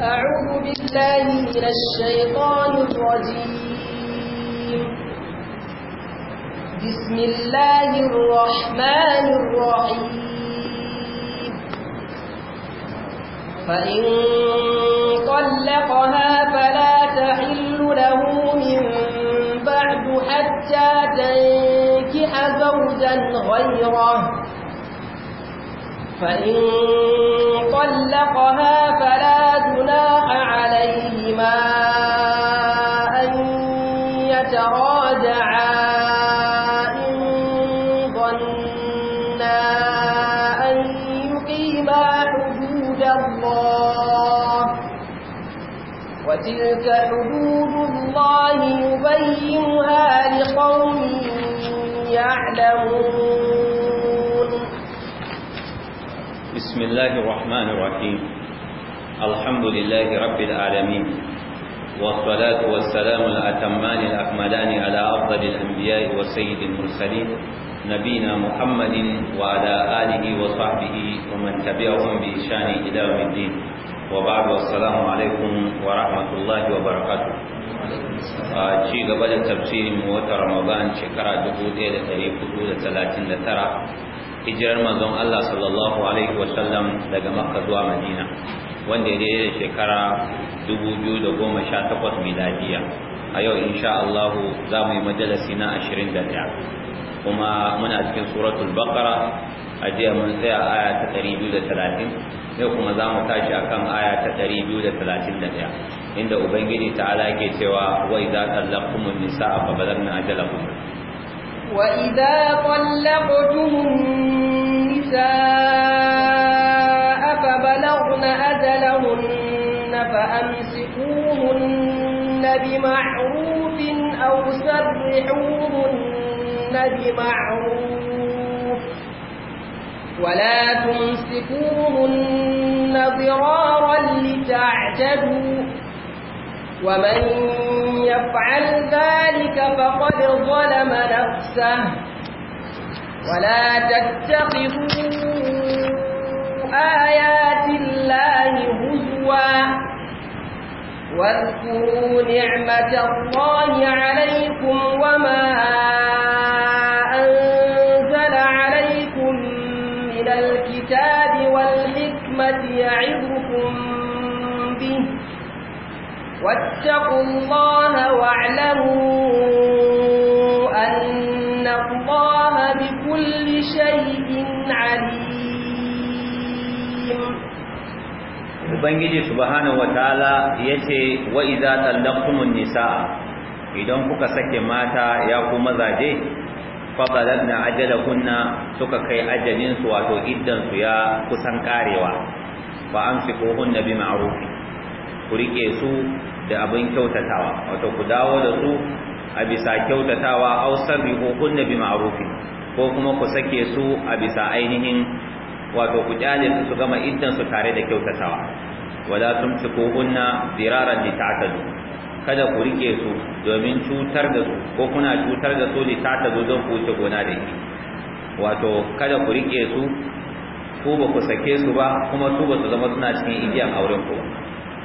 أعوذ بالله من الشيطان الرجيم بسم الله الرحمن الرحيم فإن طلقها فلا تحل له من بعد حتى تنكح زوجا غيره فإن طلقها فلا بهما أن يتراجعا إن ظنا أن يقيما حدود الله وتلك حدود الله يبينها لقوم يعلمون بسم الله الرحمن الرحيم الحمد لله رب العالمين والصلاة والسلام الأتمان الأكملان على أفضل الأنبياء وسيد المرسلين نبينا محمد وعلى آله وصحبه ومن تبعهم بإشان إلى يوم الدين وبعد والسلام عليكم ورحمة الله وبركاته ci gaba da tafsirin wata ramadan shekara 1439 hijirar manzon Allah sallallahu alaihi wasallam daga makka zuwa madina wanda ya daidai da shekara 2018 miladiya a yau insha Allah za mu yi majalasi na 21 kuma muna cikin suratul baqara a jiya mun tsaya aya ta 230 yau kuma za mu tashi akan aya ta 231 inda ubangiji ta'ala yake cewa wa idza tallaqtumun nisaa fa balagna ajalakum wa idza tallaqtumun nisaa بمعروف أو سرحوهن بمعروف ولا تمسكوهن ضرارا لتعتدوا ومن يفعل ذلك فقد ظلم نفسه ولا تتخذوا آيات الله هزواً واذكروا نعمة الله عليكم وما أنزل عليكم من الكتاب والحكمة يعظكم به واتقوا الله واعلموا أن الله بكل شيء عليم ubangiji subhanahu wataala yace wa idza tallaqtumun nisaa idan kuka sake mata ya ku mazaje faqaladna ajalakunna suka kai ajalin su wato iddan su ya kusan karewa fa amsikuhunna ma'ruf ku rike su da abin kyautatawa wato ku dawo da su a bisa kyautatawa aw sarrihuhunna ma'ruf ko kuma ku sake su a bisa ainihin wato ku kyale su gama iddan su tare da kyautatawa wala tumsikuhunna diraran litatadu kada ku rike su domin cutar da su ko kuna cutar da su litatadu don ku wuce gona da shi wato kada ku rike su ku ba ku sake su ba kuma su ba su zama suna cikin igiyan auren ku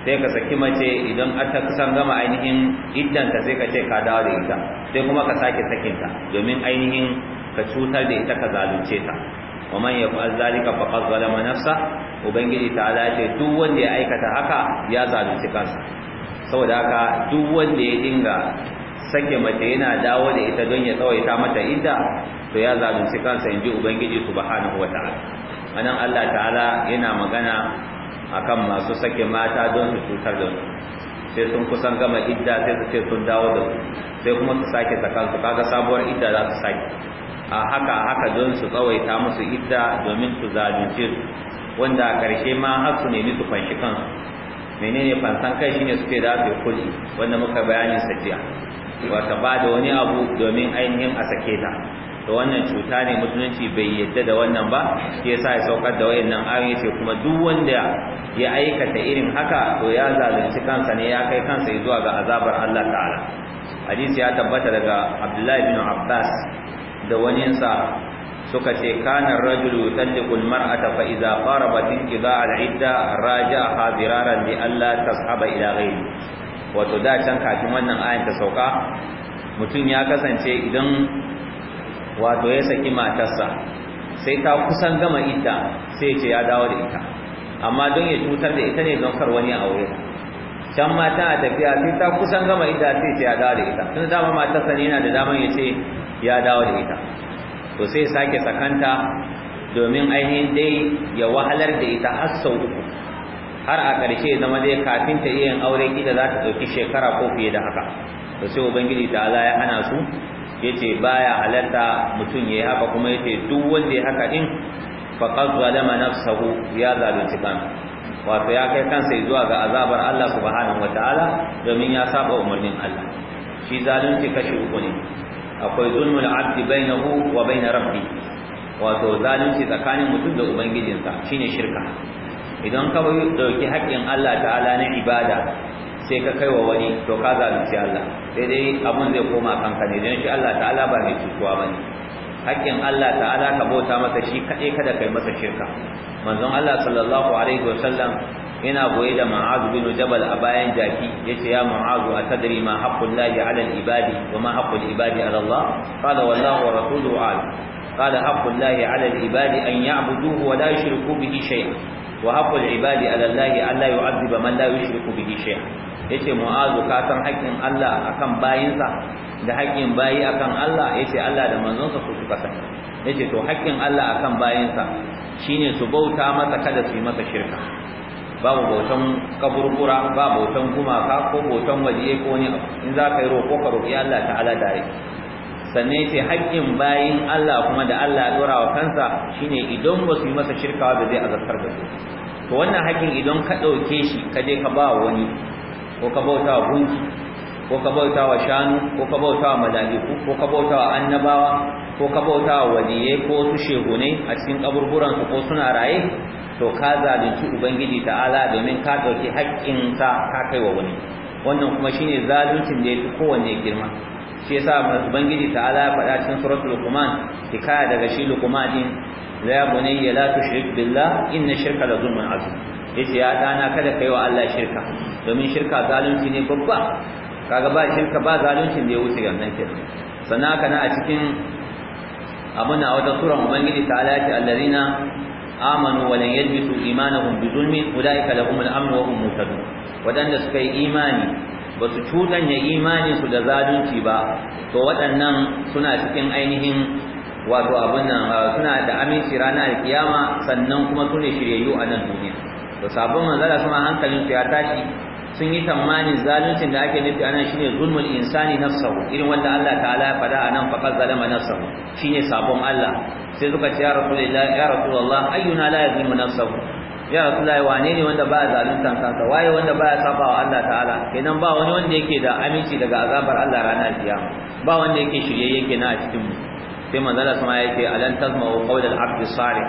sai ka saki mace idan ta kusan gama ainihin iddanta sai ka ce ka dawo da ita sai kuma ka sake sakinta domin ainihin ka cutar da ita ka zalunce ta wa man yaf'al zalika faqad zalama nafsa ubangiji ta ce duk wanda ya aikata haka ya zalunci kansa saboda haka duk wanda ya dinga sake mace yana dawo da ita don ya tsawaita mata idda to ya zalunci kansa inji ubangiji subhanahu wataala anan Allah ta'ala yana magana akan masu sake mata don su cutar da su sai sun kusan gama idda sai su ce sun dawo da su sai kuma su sake sakan su kaga sabuwar idda za su sake a haka haka don su tsawaita musu idda domin su zalunci su wanda a ƙarshe ma har ne nemi su fanshi kansu menene fansan kai shine suke da su kulli wanda muka bayanin sajiya wata ba da wani abu domin ainihin a sake ta to wannan cuta ne musulunci bai yadda da wannan ba shi yasa ya saukar da wayannan ayoyi ce kuma duk wanda ya aikata irin haka to ya zalunci kansa ne ya kai kansa zuwa ga azabar Allah ta'ala hadisi ya tabbata daga Abdullahi bin Abbas da waninsa suka ce kanar rajulu tallikul mar'ata fa idza qarabat inqidaa al'idda raja'aha biraran li alla tashaba ila ghayri wato da can kafin wannan ayan ta sauka mutum ya kasance idan wato ya saki matarsa sai ta kusan gama ita sai ce ya dawo da ita amma don ya cutar da ita ne don kar wani aure can mata a tafiya sai ta kusan gama ita sai ce ya dawo da ita tun dama matarsa ne yana da daman ya ce ya dawo da ita to sai sake sakanta domin ainihin dai ya wahalar da ita har sau uku har a ƙarshe zama dai kafin ta iya yin aure kila za ta ɗauki shekara ko fiye da haka to sai ubangiji ta ala ya hana su ya yace baya halarta mutum ya yi haka kuma ya ce duk wanda ya haka din faqad zalama nafsahu ya zalunci kan wato ya kai kansa zuwa ga azabar Allah subhanahu wataala domin ya saba umarnin Allah shi zalunci kashi uku ne akwai zulmul abdi bainahu wa bain rabbi wato zalunci tsakanin mutum da ubangijinsa shine shirka idan ka dauki haƙƙin Allah ta'ala na ibada sai ka kai wa wani to ka zalunci Allah sai dai abun zai koma kanka ne dan shi Allah ta'ala ba mai cutuwa bane haƙƙin Allah ta'ala ka bauta masa shi kaɗai kada kai masa shirka manzon Allah sallallahu alaihi wasallam yana goye da ma'azu bin jabal a bayan jaki yace ya ma'azu a tadri ma haqqul lahi ala al ibadi wa ma haqqul ibadi ala allah qala wallahu wa rasuluhu al qala haqqul lahi ala al ibadi an ya'buduhu wa la yushriku bihi shay'a wa haqqul ibadi ala allah an la yu'adhiba man la yushriku bihi shay'a yace mu'azu ka san haƙƙin allah akan bayinsa da haƙƙin bayi akan allah yace allah da manzonsa su suka sani yace to haƙƙin allah akan bayinsa shine su bauta masa kada su yi masa shirka babu bautan kaburbura ba bautan gumaka ko bautan waje ko ne in za ka yi roƙo ka roƙi Allah ta'ala dare sannan yace haƙƙin bayin Allah kuma da Allah ya dora wa kansa shine idan ba su yi masa shirka ba zai azabtar da su to wannan haƙƙin idan ka ɗauke shi ka je ka ba wani ko ka bauta wa gunki ko ka bauta wa shanu ko ka bauta wa mala'iku ko ka bauta wa annabawa ko ka bauta wa waliye ko su shegunai a cikin kaburburan su ko suna raye to ka zalunci ubangiji ta'ala domin ka dauki haƙƙin sa ka kai wa wani wannan kuma shine zaluncin da fi kowanne girma shi yasa ubangiji ta'ala ya faɗa cikin suratul luqman hikaya daga shi luqman din la bunayya la tushrik billah inna shirka la zulmun azim yace ya dana kada kai wa Allah shirka domin shirka zalunci ne babba kaga ba shirka ba zaluncin da ya wuce gannan kenan sannan kana a cikin abuna wata sura ubangiji ta'ala ya ce allazina amanu wa lan yalbisu imanuhum bi zulmin ulaika lahum al-amn wa hum muhtadun wadanda suka yi imani ba su cudanya imanin su da zalunci ba to waɗannan suna cikin ainihin wato abin nan ah, suna da aminci ranar alkiyama sannan kuma sune shiryayyu a nan duniya to sabon manzala kuma hankalin su ya tashi sun yi tamanin zaluncin da ake nufi anan shine zulmul insani nafsahu irin wanda Allah ta'ala ya fada anan faqad zalama nafsahu shine sabon Allah sai suka ce ya da ya rasulullah ayyuna la yazlimu nafsahu ya rasulullah wane ne wanda ba zaluntan kansa waye wanda ba ya saba wa Allah ta'ala kenan ba wani wanda yake da aminci daga azabar Allah ranar kiyama ba wanda yake shirye yake na a cikin mu sai manzala sama yake alan tasma'u qawlal abdi salih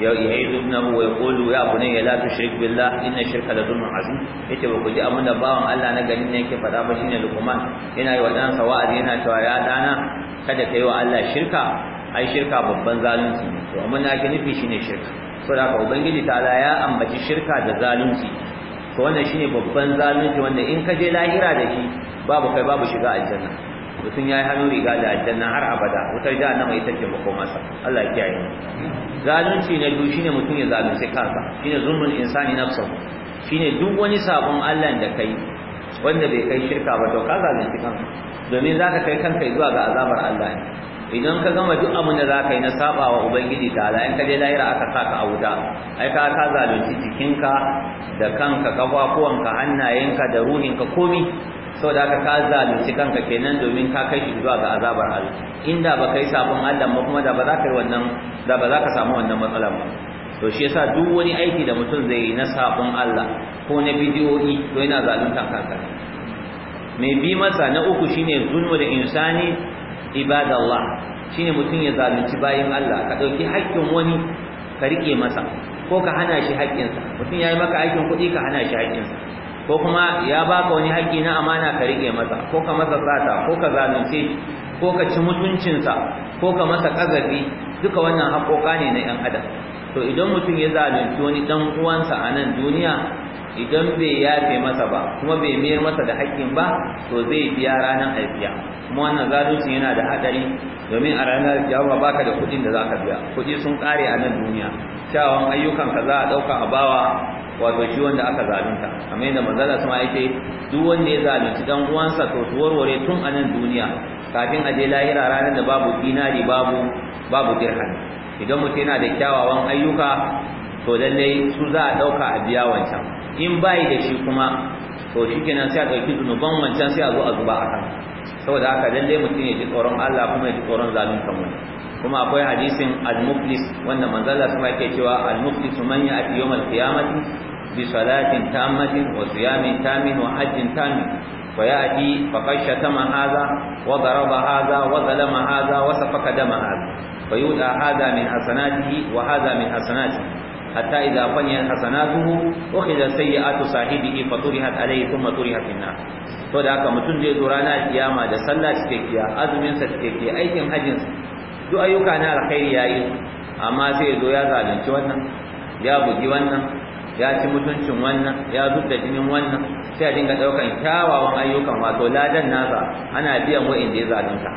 يعيد ابنه ويقول يا بني لا تشرك بالله ان الشرك لظلم عظيم yace ba ku ji abin da bawan Allah na ganin ne yake faɗa ba shine lukman. yana yi wa dan sa wa'azi yana cewa ya dana kada kai wa Allah shirka ai shirka babban zalunci to amma na ga nufi shine shirka saboda haka ubangiji ta'ala ya ambaci shirka da zalunci to wannan shine babban zalunci wanda in ka je lahira da shi babu kai babu shiga aljanna mutum yayi hannu riga da aljanna har abada wutar jahannama ita ce makomarsa Allah ya kiyaye mu zalunci na biyu shine mutum ya zalunci kansa shine zulmul insani nafsahu shine duk wani sabon Allah da kai wanda bai kai shirka ba to ka zalunci kanka domin zaka kai kanka zuwa ga azabar Allah idan ka gama duk abin da zaka yi na sabawa ubangiji ta Allah in ka je lahira aka saka a wuta ai ka ka zalunci jikinka da kanka kafafuwanka hannayenka da ruhinka komi saboda haka ka zalunci kanka kenan domin ka kai shi zuwa ga azabar Allah inda ba kai sabon Allah ba kuma da ba za ka wannan da ba za ka samu wannan matsalar ba to shi yasa duk wani aiki da mutum zai yi na sabon Allah ko na bidiyoyi to yana zalunta kanka mai bi masa na uku shine zulmu da insani ibadallah shine mutum ya zalunci bayin Allah ka dauki haƙƙin wani ka rike masa ko ka hana shi haƙƙinsa mutum ya yi maka aikin kuɗi ka hana shi haƙƙinsa ko kuma ya baka wani haƙƙi na amana ka rike masa ko ka masa tsata ko ka zalunce ko ka ci mutuncinsa ko ka masa ƙazafi duka wannan haƙoƙa ne na 'yan adam to idan mutum ya zalunci wani dan uwansa a nan duniya idan bai yafe masa ba kuma bai mayar masa da haƙƙin ba to zai biya ranar alfiya kuma wannan zalunci yana da haɗari domin a ranar alfiyawa baka da kuɗin da za ka biya kuɗi sun ƙare a nan duniya cewa ayyukanka za a ɗauka a bawa wato shi wanda aka zalunta kamar yadda manzala sama yake duk wanda ya zalunci dan uwansa to tuwarware tun a nan duniya kafin aje je lahira ranar da babu dinari babu babu dirham idan mutum yana da kyawawan ayyuka to lallai su za a dauka a biya wancan in bai da shi kuma to shikenan sai a dauki zunuban wancan sai a zo a zuba a kan saboda haka lallai mutum ya ji tsoron Allah kuma ya ji tsoron zalunta mu kuma akwai hadisin al-muflis wanda manzala sama yake cewa al-muflis man ya'ti yawm al-qiyamati بصلاة تامة وصيام تام وحج تام ويأتي فقد شتم هذا وضرب هذا وظلم هذا وسفك دم هذا فيؤتى هذا من حسناته وهذا من حسناته حتى إذا فنيت حسناته أخذ سيئات صاحبه فطرحت عليه ثم طرحت في النار to da haka mutum zai zo ranar kiyama da sallah cikakkiya azumin sa cikakkiya aikin hajjin sa duk ayyuka na alkhairi yayi amma sai zo ya zalunci wannan ya bugi wannan ya ci mutuncin wannan ya zub jinin wannan sai a dinga daukan kyawawan ayyukan wato ladan nasa ana biyan wa'inda ya zalunta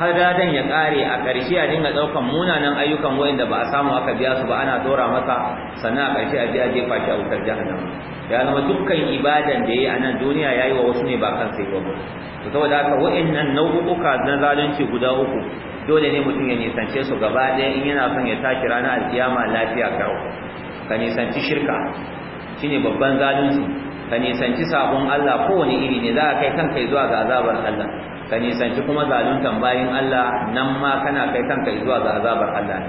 har ladan ya kare a ƙarshe a dinga daukan munanan ayyukan wa'inda ba a samu aka biya su ba ana dora masa sannan a ƙarshe a je a a wutar jahannama ya zama dukkan ibadan da yayi a nan duniya yayi wa wasu ne ba kan sai ba to saboda haka wa'annan nau'uka na zalunci guda uku dole ne mutum ya nisance su gaba ɗaya in yana son ya tashi ranar alkiyama lafiya kyau. ka nisanci shirka shine babban zalunci ka nisanci sabon Allah kowane iri ne za ka kai kanka zuwa ga azabar Allah ka nisanci kuma zaluntan bayin Allah nan ma kana kai kanka zuwa ga azabar Allah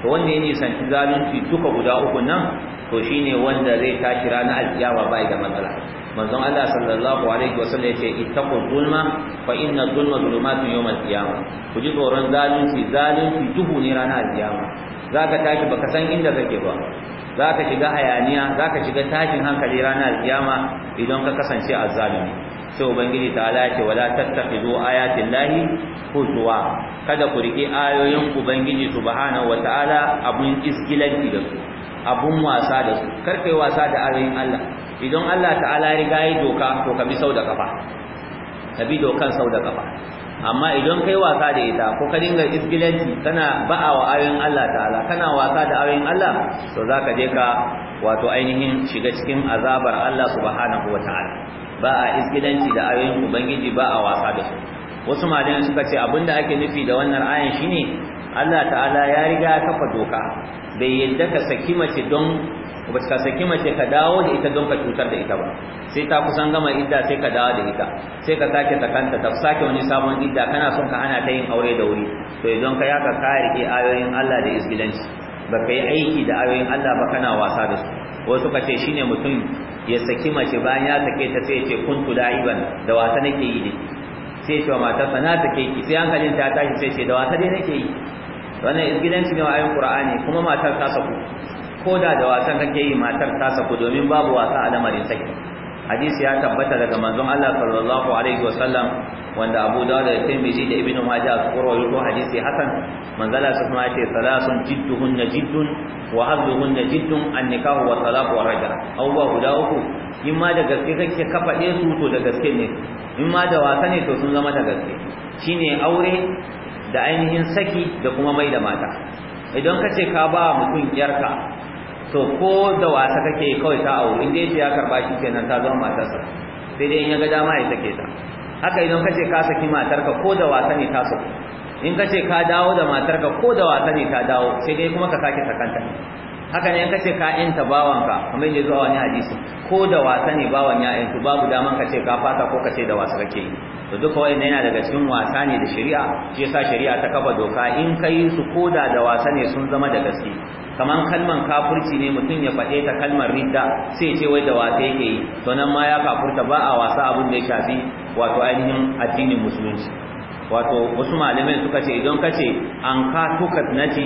to wanda ya nisanci zalunci duka guda uku nan to shine wanda zai tashi ranar alkiyama bai da matsala manzon Allah sallallahu alaihi wasallam yace ittaqu zulma fa inna zulma zulumatun yawm alqiyama ku ji tsoron zalunci zalunci duhu ne ranar alkiyama zaka tashi baka san inda kake ba zaka ka shiga hayaniya zaka shiga tashin hankali ranar kiyama idan ka kasance azzalimi sai ubangiji ta ce wala tattakhidhu ayatin lahi huzwa kada ku rike ayoyin ubangiji subhanahu wataala abun isgilanci da su abun wasa da su kar wasa da ayoyin Allah idan Allah ta'ala ya riga ya doka to ka bi sau da kafa ka bi dokan sau da kafa amma idan kai wasa da ita ko ka dinga isgilanci kana ba'a wa ayoyin Allah ta'ala kana wasa da ayoyin Allah to zaka je ka wato ainihin shiga cikin azabar Allah subhanahu wa ba a isgilanci da ayoyin ubangiji ba'a a wasa da su wasu malaman suka ce abinda ake nufi da wannan ayan shine Allah ta'ala ya riga ya kafa doka bai yadda ka saki mace don ba saki mace ka dawo da ita don ka cutar da ita ba sai ta kusan gama idda sai ka dawo da ita sai ka sake sakanta ta sake wani sabon idda kana son ka ana ta yin aure da wuri to idan ka yaka ka rike ayoyin Allah da isgilanci ba ka yi aiki da ayoyin Allah ba kana wasa da su wasu ka ce shine mutum ya saki mace bayan ya sake ta sai ya ce kuntu da'iban da wasa nake yi ne sai ya ce mata sana ta ke ki sai hankalin ta tashi sai ce da wasa dai nake yi wannan isgilanci ne wa ayoyin Qur'ani kuma matar ta saku ko da da wasan kake yi matar ta ku domin babu wasa a lamarin saki hadisi ya tabbata daga manzon Allah sallallahu alaihi Sallam, wanda Abu Dawud da Tirmidhi da Ibn Majah su rawaito hadisi hasan manzala su kuma ce salasun jidduhun, jiddun wa hadduhun jiddun an-nikahu wa talaq wa raja abubuwa guda uku in ma da gaske kake ka fade su to da gaske ne in ma da wasa ne to sun zama da gaske shine aure da ainihin saki da kuma mai da mata idan ka ce ka ba mutum yarka to ko da wasa kake kawai ta awo in dai ya karba shi kenan ta zama matarsa sai dai in ya ga dama ya ke ta haka idan kace ka saki matarka ko da wasa ne ta saki in kace ka dawo da matarka ko da wasa ne ta dawo sai dai kuma ka sake sakanta haka ne in kace ka inta bawanka kamar yadda zuwa wani hadisi ko da wasa ne bawan ya yantu babu daman kace ka fata ko kace da wasa kake yi to duka wannan yana daga cikin wasa ne da shari'a shi yasa shari'a ta kafa doka in kai su koda da wasa ne sun zama da gaske kaman kalman kafurci ne mutum ya faɗe ta kalmar ridda sai ce wai da wasa yake yi to nan ma ya kafurta ba a wasa abin da ya shafi wato ainihin addinin musulunci wato wasu malamai suka ce idan ka ce an ka tukat naci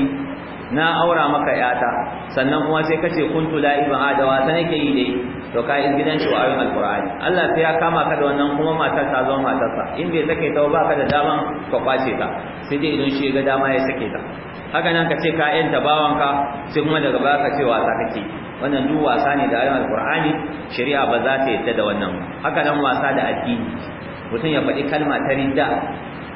na aura maka yata sannan kuma sai kace kuntu la'iban adawa sai nake yi dai to ka yi gidan shi wa alqur'ani Allah sai ya kama ka da wannan kuma matar ta zo matar ta. in bai sake ta ba ka da dama, ka kwace ta sai dai idan shi ga dama ya sake ta haka nan ka ce ka sai kuma daga baya ka ce wasa kake wannan duk wasa ne da ayoyin alqur'ani shari'a ba za ta yadda da wannan haka nan wasa da addini mutum ya faɗi kalma ta ridda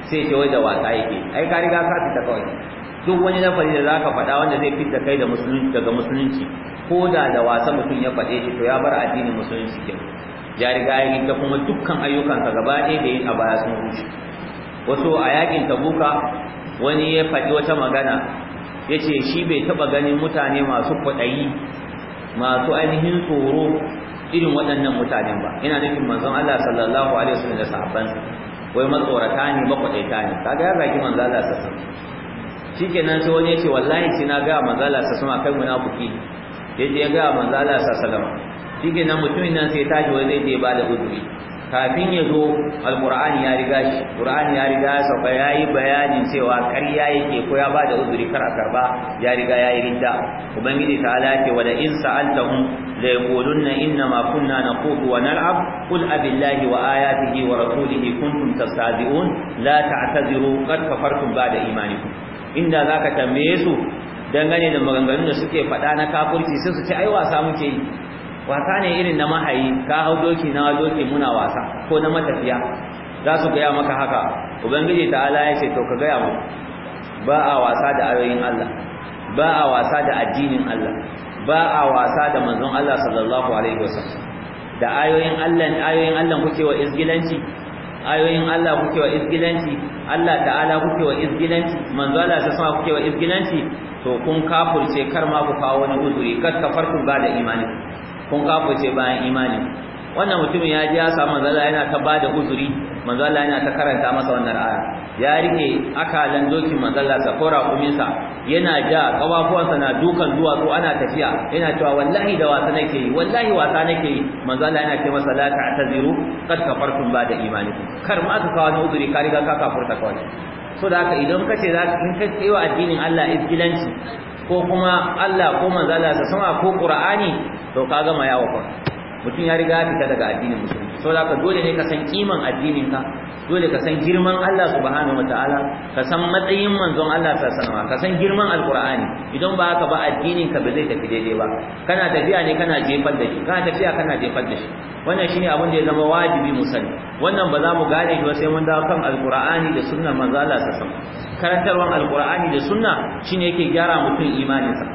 sai ce wai da wasa yake ai ka riga ka fita kawai duk wani lafari da ka faɗa wanda zai fitta kai da musulunci daga musulunci ko da da wasa mutum ya faɗe shi to ya bar addinin musulunci kenan ya riga ya ta kuma dukkan ayyukansa gaba ɗaya da yin a baya sun rushe wasu a yakin tabuka wani ya faɗi wata magana ya ce shi bai taɓa ganin mutane masu kwaɗayi masu ainihin tsoro irin waɗannan mutane ba ina nufin manzon Allah sallallahu alaihi wasallam da sahabbansa wai matsorata ne makwaɗaita ne kaga ya zaki manzon Allah sallallahu alaihi wasallam shikenan sai wani ya ce wallahi sai na ga manzala sa sama kai munafiki yaje ya ga manzala sa sallama shikenan mutumin nan sai tashi wai zai je ba da uzuri kafin ya zo alqur'ani ya riga shi ƙur'ani ya riga ya sauka yi bayanin cewa ƙarya yake ko ya ba da uzuri kar a karba ya riga yayi ridda ubangiji ta ala wa da in sa'altahum la yaquluna inna ma kunna naqudu wa nal'ab qul abillahi wa ayatihi wa rasulihi kuntum tastahzi'un la ta'taziru qad kafartum ba'da imanikum inda za ka tambaye su dangane da maganganun da suke faɗa na kafurci sai su ce ai wasa muke yi wasa ne irin na mahayi ka hau doki na doki muna wasa ko na matafiya za su gaya maka haka ubangiji ala ya ce to ka gaya mu ba a wasa da ayoyin Allah ba a wasa da addinin Allah ba a wasa da manzon Allah sallallahu alaihi wasallam da ayoyin Allah ayoyin Allah kuke wa izgilanci ayoyin Allah kuke wa izgilanci Allah ta'ala kuke wa izgilanci manzo Allah ta sama kuke wa izgilanci to kun kafurce kar ma ku kawo wani uzuri kar ka farku ba da imani kun kafurce bayan imani wannan mutumin ya ji ya samu manzala yana ta bada da uzuri manzala yana ta karanta masa wannan aya ya rike akalan dokin manzala sa kuminsa. yana ja kawafuwansa na dukan zuwa duwatsu ana tafiya yana cewa wallahi da wasa nake yi wallahi wasa nake yi manzala yana ce masa la ta'taziru qad kafartum ba da imanikum kar ma ka kawo uzuri ka riga ka kafurta kawai so da haka idan kace za in ka wa addinin Allah izgilanci ko kuma Allah ko manzala sa sama ko Qur'ani to ka gama yawo fa mutum ya riga ya fita daga addinin musulunci. saboda ka dole ne ka san kiman addinin ka dole ka san girman Allah subhanahu wataala ka san matsayin manzon Allah sallallahu alaihi ka san girman alqur'ani idan ba haka ba addinin ka ba zai tafi daidai ba kana tafiya ne kana jefar da shi kana tafiya kana jefar da shi wannan shine abin da ya zama wajibi mu wannan ba za mu gane shi ba sai mun dawo kan alqur'ani da sunnar manzon Allah sallallahu alaihi karantarwan alqur'ani da sunna shine yake gyara mutum imaninsa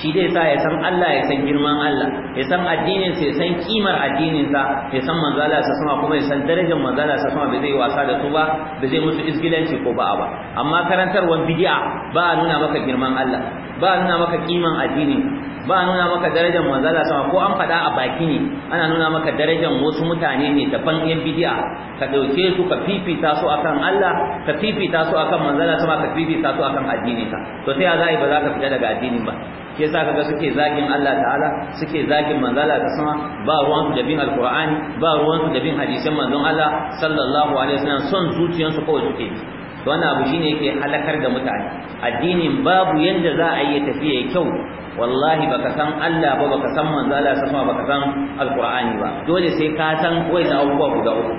shi zai sa ya san Allah ya san girman Allah ya san addinin sa ya san kimar addinin sa ya san manzala sa sama kuma ya san darajar manzala sa sama ba zai wasa da su ba ba zai musu isgilanci ko ba ba amma karantarwar bid'a ba a nuna maka girman Allah ba a nuna maka kiman addini ba a nuna maka darajar manzala sama ko an faɗa a baki ne ana nuna maka darajar wasu mutane ne ban yan bid'a ka dauke su ka fifita su akan Allah ka fifita su akan manzala sama ka fifita su akan addini ka to sai ya zai ba za ka fita daga addinin ba Ke sa kaga suke zagin Allah ta'ala suke zagin manzala ta sama ba ruwan su da bin alqur'ani ba ruwan su da bin hadisan manzon Allah sallallahu alaihi wasallam son su kawai suke to wannan abu shine yake halakar da mutane addinin babu yanda za a yi tafiya kyau wallahi baka san Allah ba baka san manzala sama baka san alqur'ani ba dole sai ka san wai da abubuwa guda uku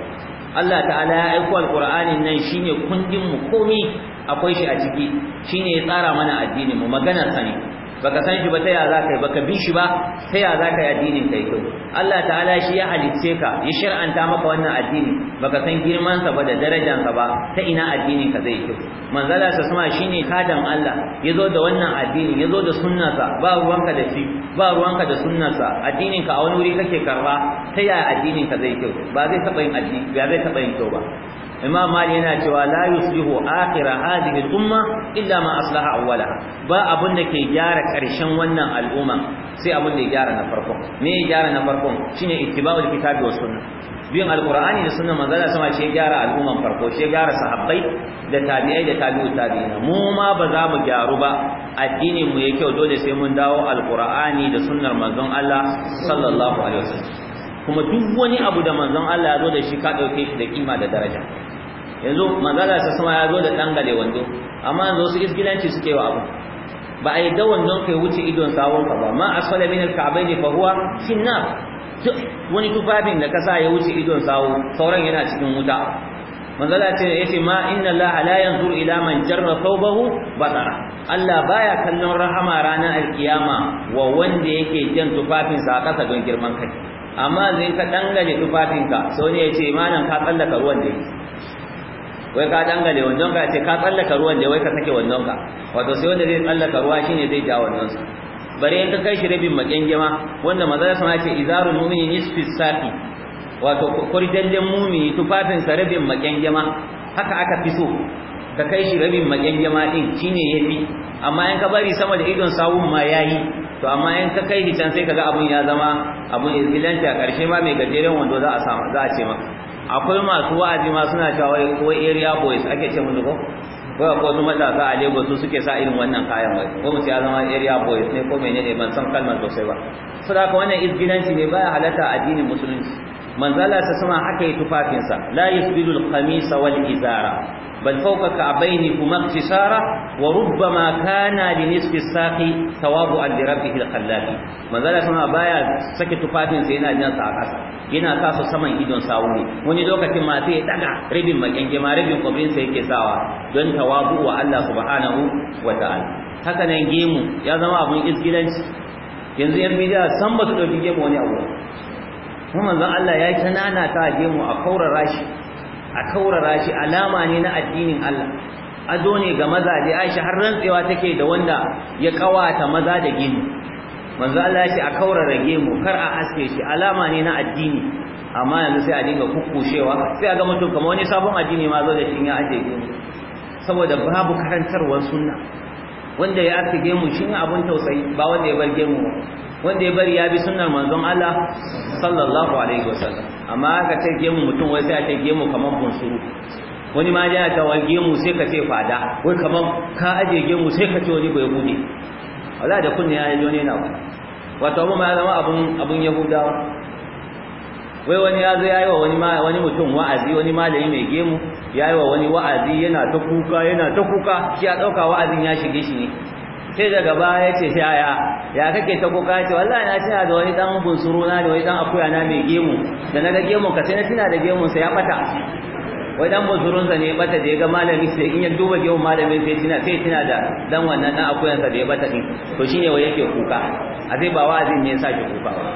Allah ta'ala ya aiko alqur'anin nan shine kundin mu komai akwai shi a ciki shine ya tsara mana addinin mu maganar sa ne baka san shi ba ta ya za ka yi baka bi shi ba ta ya za ka yi addinin ka yi kyau Allah ta'ala shi ya halicce ka ya shar'anta maka wannan addini baka san girman sa ba da darajar sa ba ta ina addinin ka zai yi manzala sa sama shine kadan Allah yazo da wannan addini yazo da sunnarsa ba ruwanka da shi ba ruwanka da sunnarsa addinin ka a wani wuri kake karba ta ya addinin ka zai kyau ba zai taba yin addini ba zai taba yin kyau ba imam mali yana cewa la yuslihu akhira hadhihi al-umma illa ma aslaha awwalaha ba abun da ke gyara karshen wannan al'umma sai abun da ya gyara na farko me ya gyara na farko shine ittiba'ul kitabi was sunnah bin alqur'ani da sunna manzala sama shi ya gyara al'umman farko shi ya gyara sahabbai da tabi'ai da tabi'u tabi'ina mu ma ba za mu gyaru ba addini mu ya kyau dole sai mun dawo alqur'ani da sunnar manzon Allah sallallahu alaihi wasallam kuma duk wani abu da manzon Allah ya zo da shi ka dauke shi da kima da daraja yanzu magana sa sama ya zo da dan gale wando amma yanzu su isgilanci suke wa abu ba a yi da wandon kai wuce idon sawon ka ba ma asfala min da fa huwa finna wani tufafin da ka sa ya wuce idon sawo sauran yana cikin wuta manzala ce yace ma inna allaha la yanzuru ila man jarra thawbahu batara Allah baya kallon rahama ranar alkiyama wa wanda yake jan tufafin sa kasa don girman kai amma zai ka dangane tufafin ka sai ne ce malam ka tsallaka ruwan da yake wai ka dangane wannan ka ce ka tsallaka ruwan da wai ka take wannan ka wato sai wanda zai tsallaka ruwa shine zai ja wannan sa bare in ka kai shi rabin makengema wanda manzon sama ce izarul mu'mini nisfi safi wato kurjallen mumini tufafin sa rabin makengema haka aka fi so ka kai shi rabin makengema din shine yafi amma in ka bari sama da idon sawun ma yayi to amma in ka kai can sai kaga abun ya zama abun izgilanta a ƙarshe ma mai gajeren wando za a samu za a ce maka akwai masu wa'azi ma suna cewa wai area boys ake ce musu ko wai ko su matasa a Lagos su suke sa irin wannan kayan wai ko ce ya zama area boys ne ko menene ban san kalmar sosai ba saboda wannan izgilanci ne baya halatta addinin musulunci manzala ta sama haka yi tufafinsa la yusbilul al-qamisa wal izara بل فوق كعبينكما اختصارا وربما كان لنصف الساق تواضعا لربه الخلاق ما زال سما بايا سكي تفاتين سينا جنا ساقاسا yana sa su saman idon sawu ne wani lokacin ma sai ya daga rabin makyanke ma rabin kwabrin yake sawa don tawabu wa Allah subhanahu wa ta'ala haka nan gemu ya zama abun isgilanci yanzu yan bidiya san ba su gemu wani abu kuma manzon Allah ya sanana ta gemu a kaurara shi a kaurara shi alama ne na addinin Allah ado ne ga maza, da Aisha har rantsewa take da wanda ya kawata maza da gemu manzo Allah shi a kaurara gemu kar a haske shi alama ne na addini amma yanzu sai a dinga kukkushewa sai a ga mutum kamar wani sabon addini ma zo da shi ya aje gemu saboda babu karantarwar sunna wanda ya aske gemu shi ne abun tausayi ba wanda ya bar gemu wanda ya bari ya bi sunnar manzon Allah sallallahu alaihi wasallam amma ka ce gemu mutum wai sai a ce gemu kamar bunsuru wani ma yana ta wai gemu sai ka ce fada wai kamar ka aje gemu sai ka ce wani bai gude wala da kunne ya yi wani na ba. wato abu ma zama abun abun yahudawa wai wani ya zo ya yi wa wani wani mutum wa'azi wani malami mai gemu ya yi wa wani wa'azi yana ta kuka yana ta kuka shi ya ɗauka wa'azin ya shige shi ne sai daga baya ce sai aya ya kake ta kuka ce wallahi na tana da wani dan bunsuru na da wani dan akuya na mai gemu da na ga gemu ka sai na tana da gemu sai ya bata wai dan bunsurun sa ne bata da ya ga malami sai in ya duba gemun malamin sai tana sai tana da dan wannan dan akuya sa da ya bata din to shine wai yake kuka a sai ba wazin ne sa ki kuka ba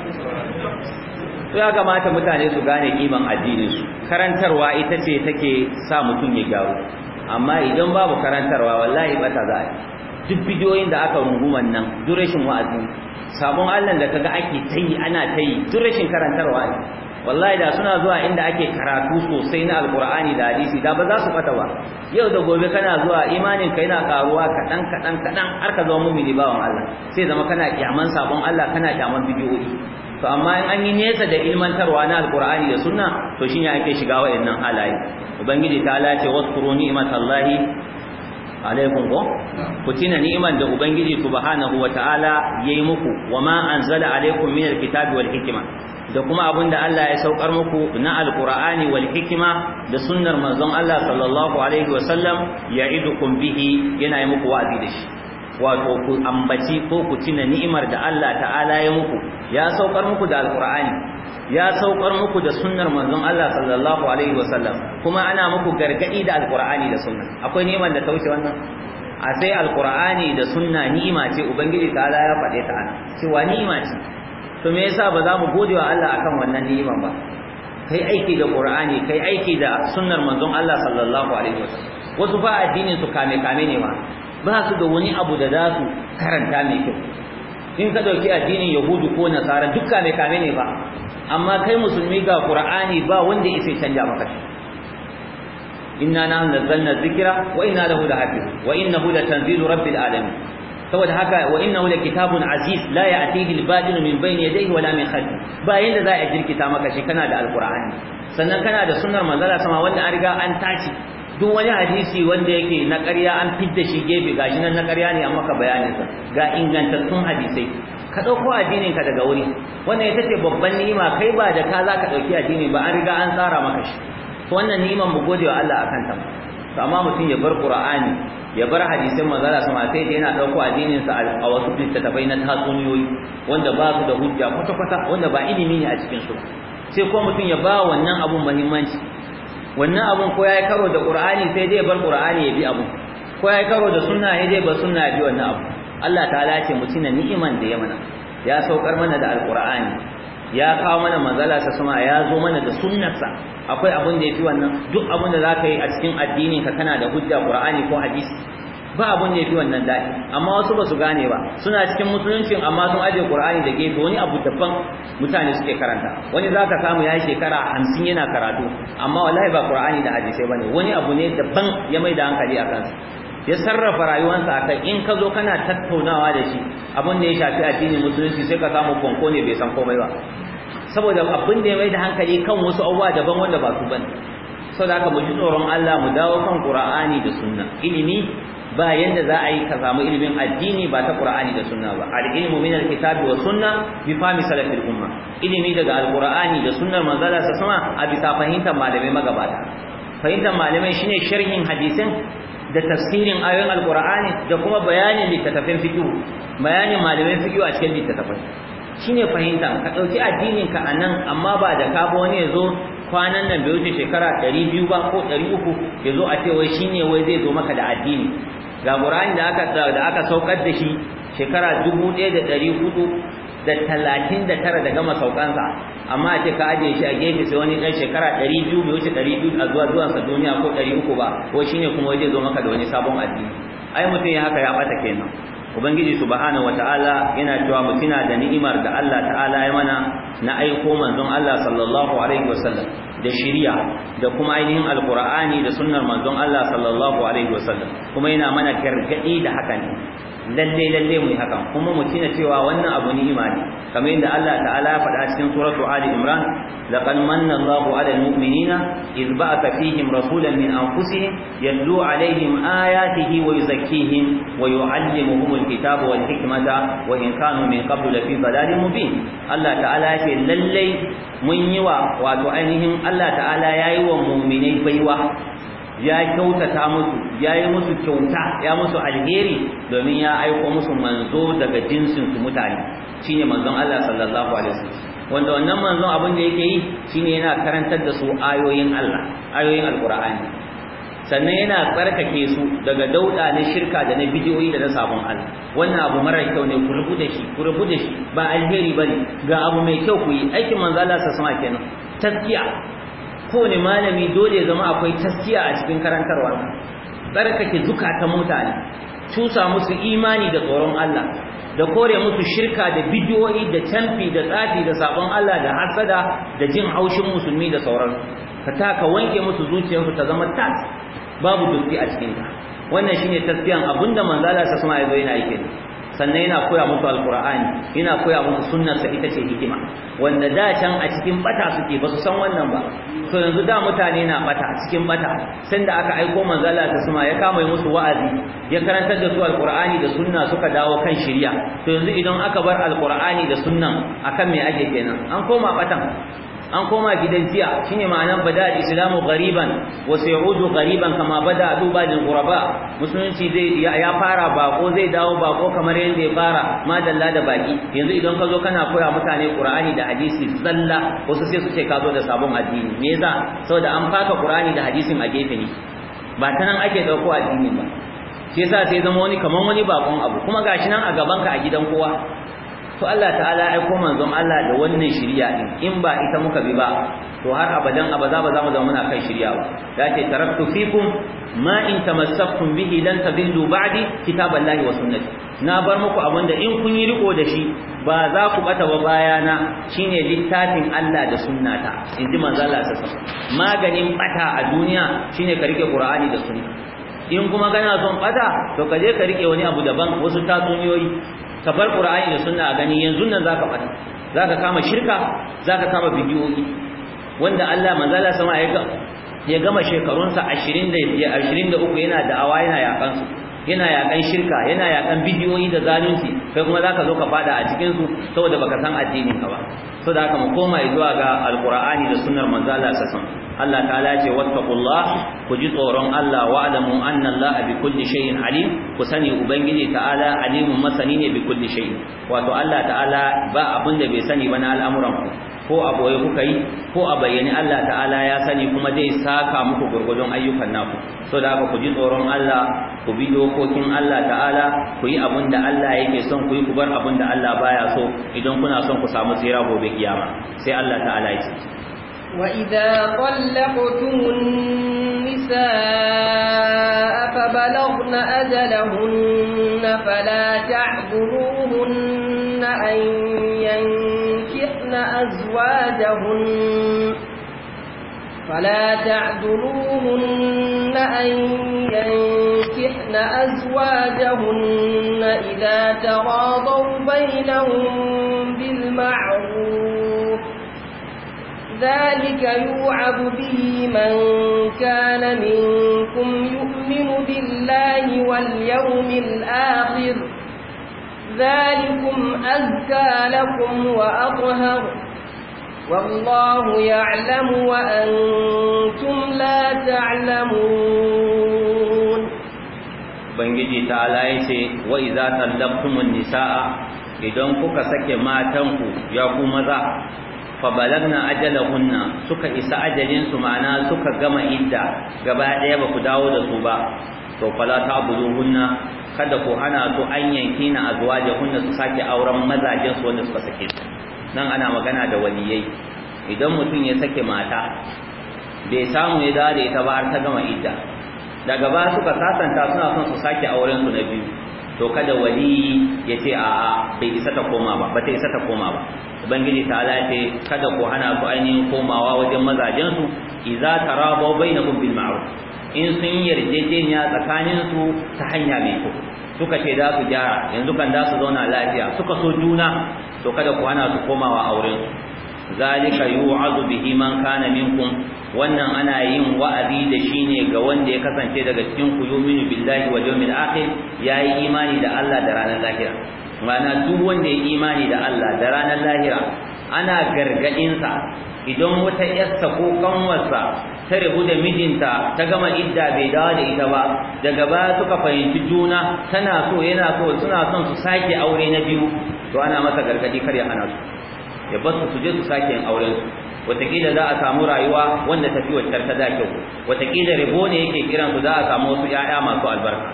to ya kamata mutane su gane kiman addinin su karantarwa ita ce take sa mutum ya gyaru amma idan babu karantarwa wallahi bata za a yi duk bidiyoyin da aka runguman nan duk rashin wa'azi sabon Allah da kaga ake tayi ana tayi duk rashin karantarwa ne wallahi da suna zuwa inda ake karatu sosai na alkur'ani da hadisi da ba za su fata ba yau da gobe kana zuwa imanin ka yana karuwa kaɗan-kaɗan-kaɗan, harka kadan har ka zama mumini bawan Allah sai zama kana kyaman sabon Allah kana kyaman bidiyoyi to amma in an yi nesa da ilmantarwa na alkur'ani da sunna to shine ake shiga wa'annan halaye ubangiji ta lace waskuru ni'matallahi alaikum ko ku tina ni'iman da ubangiji subhanahu wataala yayi muku wama anzala alaikum min alkitabi wal hikma da kuma abinda Allah ya saukar muku na alqur'ani wal hikma da sunnar manzon Allah sallallahu alaihi wasallam ya'idukum bihi yana yi muku wa'azi da shi wato ku ambaci ko ku tuna ni'imar da Allah ta'ala ya muku ya saukar muku da alqur'ani ya saukar muku da sunnar manzon Allah sallallahu alaihi wasallam kuma ana muku gargadi da alqur'ani da sunna akwai ni'imar da ta wuce wannan a sai alqur'ani da sunna ni'ima ce ubangiji ta'ala ya faɗe ta ana cewa ni'ima ce to me yasa ba za mu gode wa Allah akan wannan ni'imar ba kai aiki da qur'ani kai aiki da sunnar manzon Allah sallallahu alaihi wasallam wasu fa addinin su kame kame ne ma ba su da wani abu da za su karanta mai kyau in ka ɗauki addinin yahudu ko nasara dukka mai kame ne ba amma kai musulmi ga qur'ani ba wanda yake canja maka shi inna nahnu nazzalna dhikra wa inna lahu lahafiz wa innahu latanzilu rabbil alamin saboda haka wa innahu kitabun aziz la ya'tihi al-batil min bayni yadayhi wa la min khalfihi ba yanda za a jirkita maka shi kana da alqur'ani sannan kana da sunnar manzala sama wanda an riga an tashi duk wani hadisi wanda yake na ƙarya an fidda shi gefe ga shi nan na ƙarya ne an maka bayaninsa ga ingantattun hadisai ka ɗauko addininka daga wuri wannan ita ce babban ni'ima kai ba da ka za ka ɗauki addini ba an riga an tsara maka shi to wannan ni'imar mu gode wa Allah akan ta to amma mutum ya bar Qur'ani ya bar hadisin manzala sama sai da yana ɗauko addininsa a wasu littattafai na tatsuniyoyi wanda ba su da hujja kwata-kwata wanda ba ilimi ne a cikin su sai ko mutum ya ba wannan abun muhimmanci wannan abun ko yayi karo da qur'ani sai dai bar qur'ani ya bi abun ko yayi karo da sunna sai dai bar sunna ya bi wannan abu Allah ta'ala ce mu cinna ni'iman da ya mana ya saukar mana da alqur'ani ya kawo mana manzala sa sama ya zo mana da sunnarsa akwai abun da yafi wannan duk abun da zaka yi a cikin addinin ka kana da hujja qur'ani ko hadisi ba abun ne fi wannan daɗi amma wasu ba su gane ba suna cikin musuluncin amma sun aje qur'ani da gefe wani abu daban mutane suke karanta wani zaka samu ya shekara 50 yana karatu amma wallahi ba qur'ani da hadisi bane wani abu ne daban ya mai da hankali a kansa ya sarrafa rayuwarsa akan in ka zo kana tattaunawa da shi abin da ya shafi addinin musulunci sai ka samu konko ne bai san komai ba saboda abun da ya mai da hankali kan wasu abubuwa daban wanda ba su bane saboda haka mu ji tsoron Allah mu dawo kan Qur'ani da Sunna ilimi ba yanda za a yi ka samu ilimin addini ba ta qur'ani da sunna ba al-ilmu min al-kitabi wa sunna bi fahmi salafil umma ilimi daga al-qur'ani da sunnar manzala sa sama a bisa fahimtar malamai magabata fahimtar malamai shine sharhin hadisin da tafsirin ayoyin al-qur'ani da kuma bayanin littattafan fiqh bayanin malamin fiqh a cikin littattafan shine fahimta ka dauki addinin ka anan amma ba da ka ba wani yazo kwanan nan bai wuce shekara 200 ba ko 300 yazo a ce wai shine wai zai zo maka da addini ga qur'ani da aka da aka saukar da shi shekara 1439 daga sa amma a ce ka aje shi a gefe sai wani dan shekara 200 bai wuce 200 a zuwa zuwansa duniya ko 300 ba ko shine kuma waje zo maka da wani sabon addini ai mutum ya haka ya bata kenan ubangiji subhanahu wataala yana cewa mu tuna da ni'imar da Allah ta'ala ya mana na aiko manzon Allah sallallahu alaihi wasallam da shiriya da kuma ainihin alqur'ani da sunnar manzon Allah sallallahu alaihi wasallam kuma yana mana gargadi da hakan Lallai lallai mu yi hakan kuma mu tina cewa wannan abu ni imani kamar yadda Allah ta'ala ya faɗa cikin suratu Ali Imran laqad manna Allahu 'alal mu'minina id ba'atha fihim rasulan min anfusihim yatlu 'alayhim ayatihi wa yuzakkihim wa yu'allimuhum al-kitaba wal hikmata wa in kanu min qablu lafi dhalalin mubin Allah ta'ala ya ce lallai mun yi wa wato ainihin Allah ta'ala yayi wa mu'minai baiwa ya kyautata musu ya yi musu kyauta ya musu alheri domin ya aiko musu manzo daga jinsin su mutane shine manzon Allah sallallahu alaihi wasallam wanda wannan manzon abin da yake yi shine yana karantar da su ayoyin Allah ayoyin alqur'ani sannan yana tsarkake su daga dauda na shirka da na bidiyoyi da na sabon Allah wannan abu mara kyau ne ku rubuta shi ku rubuta shi ba alheri bane ga abu mai kyau ku yi aikin manzo Allah sallallahu alaihi wasallam kenan taskiya kowane malami dole ya zama akwai taskiya a cikin karantarwa tsarkake ta mutane cusa musu imani da tsoron Allah da kore musu shirka da bidiyoyi da canfi da tsafi da sabon Allah da hasada da jin haushin musulmi da sauran ka taka wanke musu zuciyarsu ta zama tas babu dukki a cikin ta wannan shine tasbiyan abinda manzala sa sama yayi yana yake sannan yana koya musu alkur'ani yana koya musu sa ita ce hikima wanda da can a cikin bata suke ba su san wannan ba to yanzu da mutane na bata cikin bata da aka aiko manzala ta suma ya kama musu wa'azi ya karantar da su alkur'ani da sunna suka dawo kan shirya to yanzu idan aka bar alkur'ani da sunnan akan me ake kenan an koma batan an koma gidan jiya shine ma'anar bada islamu ghariban wa sayudu ghariban kama bada duba din quraba musulunci zai ya fara bako zai dawo bako kamar yadda ya fara ma dalla da baki yanzu idan ka zo kana koya mutane qur'ani da hadisi zalla wasu sai su ce ka zo da sabon addini me yasa saboda an faka qur'ani da hadisin a gefe ne ba ta nan ake dauko addini ba shi yasa sai zama wani kaman wani bakon abu kuma gashi nan a gaban ka a gidan kowa to Allah ta'ala ya aiko manzon Allah da wannan shirya din in ba ita muka bi ba to har abadan abaza ba za mu zama muna kai shiriya ba da ke taraktu fikum ma in tamassaktum bihi lan tadillu ba'di kitaballahi wa sunnati na bar muku abinda in kun yi riko da shi ba za ku bata ba bayana shine littafin Allah da sunnata inji manzon Allah sallallahu alaihi maganin bata a duniya shine ka rike Qur'ani da sunna in kuma kana son bata to ka je ka rike wani abu daban wasu tatsuniyoyi ka bar qur'ani da sunna a gani yanzu nan zaka bada zaka kama shirka zaka kama bidiyoyi wanda Allah manzala sama ya ya gama shekarunsa 20 da 23 yana da'awa yana yakan su yana yakan shirka yana yakan bidiyoyi da zalunci kai kuma zaka zo ka fada a cikin su saboda baka san addinin ka ba saboda haka mu koma zuwa ga alqur'ani da sunnar manzala sallallahu Allah ta'ala ce wattaqullah ku ji tsoron Allah wa alamu anna Allah bi kulli shay'in alim ku sani ubangiji ta'ala alimun masani ne bi kulli shay'in wato Allah ta'ala ba abin da bai sani ba na al'amuran ku ko a boye kuka yi ko a bayyane Allah ta'ala ya sani kuma zai saka muku gurgudun ayyukan naku so da haka ku ji tsoron Allah ku bi dokokin Allah ta'ala ku yi abin da Allah yake son ku yi ku bar abin da Allah baya so idan kuna son ku samu tsira gobe kiyama sai Allah ta'ala ya ce وإذا طلقتم النساء فبلغن أجلهن فلا تعذروهن أن ينكحن أزواجهن فلا تعذروهن أن ينكحن أزواجهن إذا تراضوا بينهم ذلك يوعظ به من كان منكم يؤمن بالله واليوم الآخر ذلكم أزكى لكم وأطهر والله يعلم وأنتم لا تعلمون بنجي تعالى وإذا تلقتم النساء idan kuka sake matanku ya ku maza fabalagna ajalahunna suka isa ajalin su ma'ana suka gama idda gaba daya ba ku dawo da su ba to fala ta'buduhunna kada ku hana su an yankina azwajahunna su sake auren mazajen su wanda suka sake su nan ana magana da waliyai idan mutum ya sake mata bai samu ya dare ta ba har ta gama idda daga ba suka sasanta suna son su sake auren su na biyu to kada wali ya ce a'a bai isa ta koma ba ba ta isa ta koma ba ubangiji ta ce kada ku hana ku ainihin komawa wajen mazajensu. iza ta rabo bai na bil ma'ruf in sun yarjejeniya tsakanin su ta hanya mai kyau suka ce za su gyara yanzu kan za su zauna lafiya suka so juna to kada ku hana su komawa auren zalika yu'azu bihi man kana minkum wannan ana yin wa'azi da shi ne ga wanda ya kasance daga cikin ku yuminu billahi wa yawmil akhir yayi imani da Allah da ranar lahira ma'ana duk wanda ya imani da Allah da ranar lahira ana gargadin sa idan wata yarsa ko kanwarsa ta rabu da mijinta ta gama idda bai dawo da ita ba daga baya suka fahimci juna tana so yana so suna son su sake aure na biyu to ana masa gargadi kar ya hana su ya bar su je su sake yin aurensu watakila za a samu rayuwa wanda tafi waccar ta da kyau watakila rabo ne yake kiran su za a samu wasu ƴaƴa masu albarka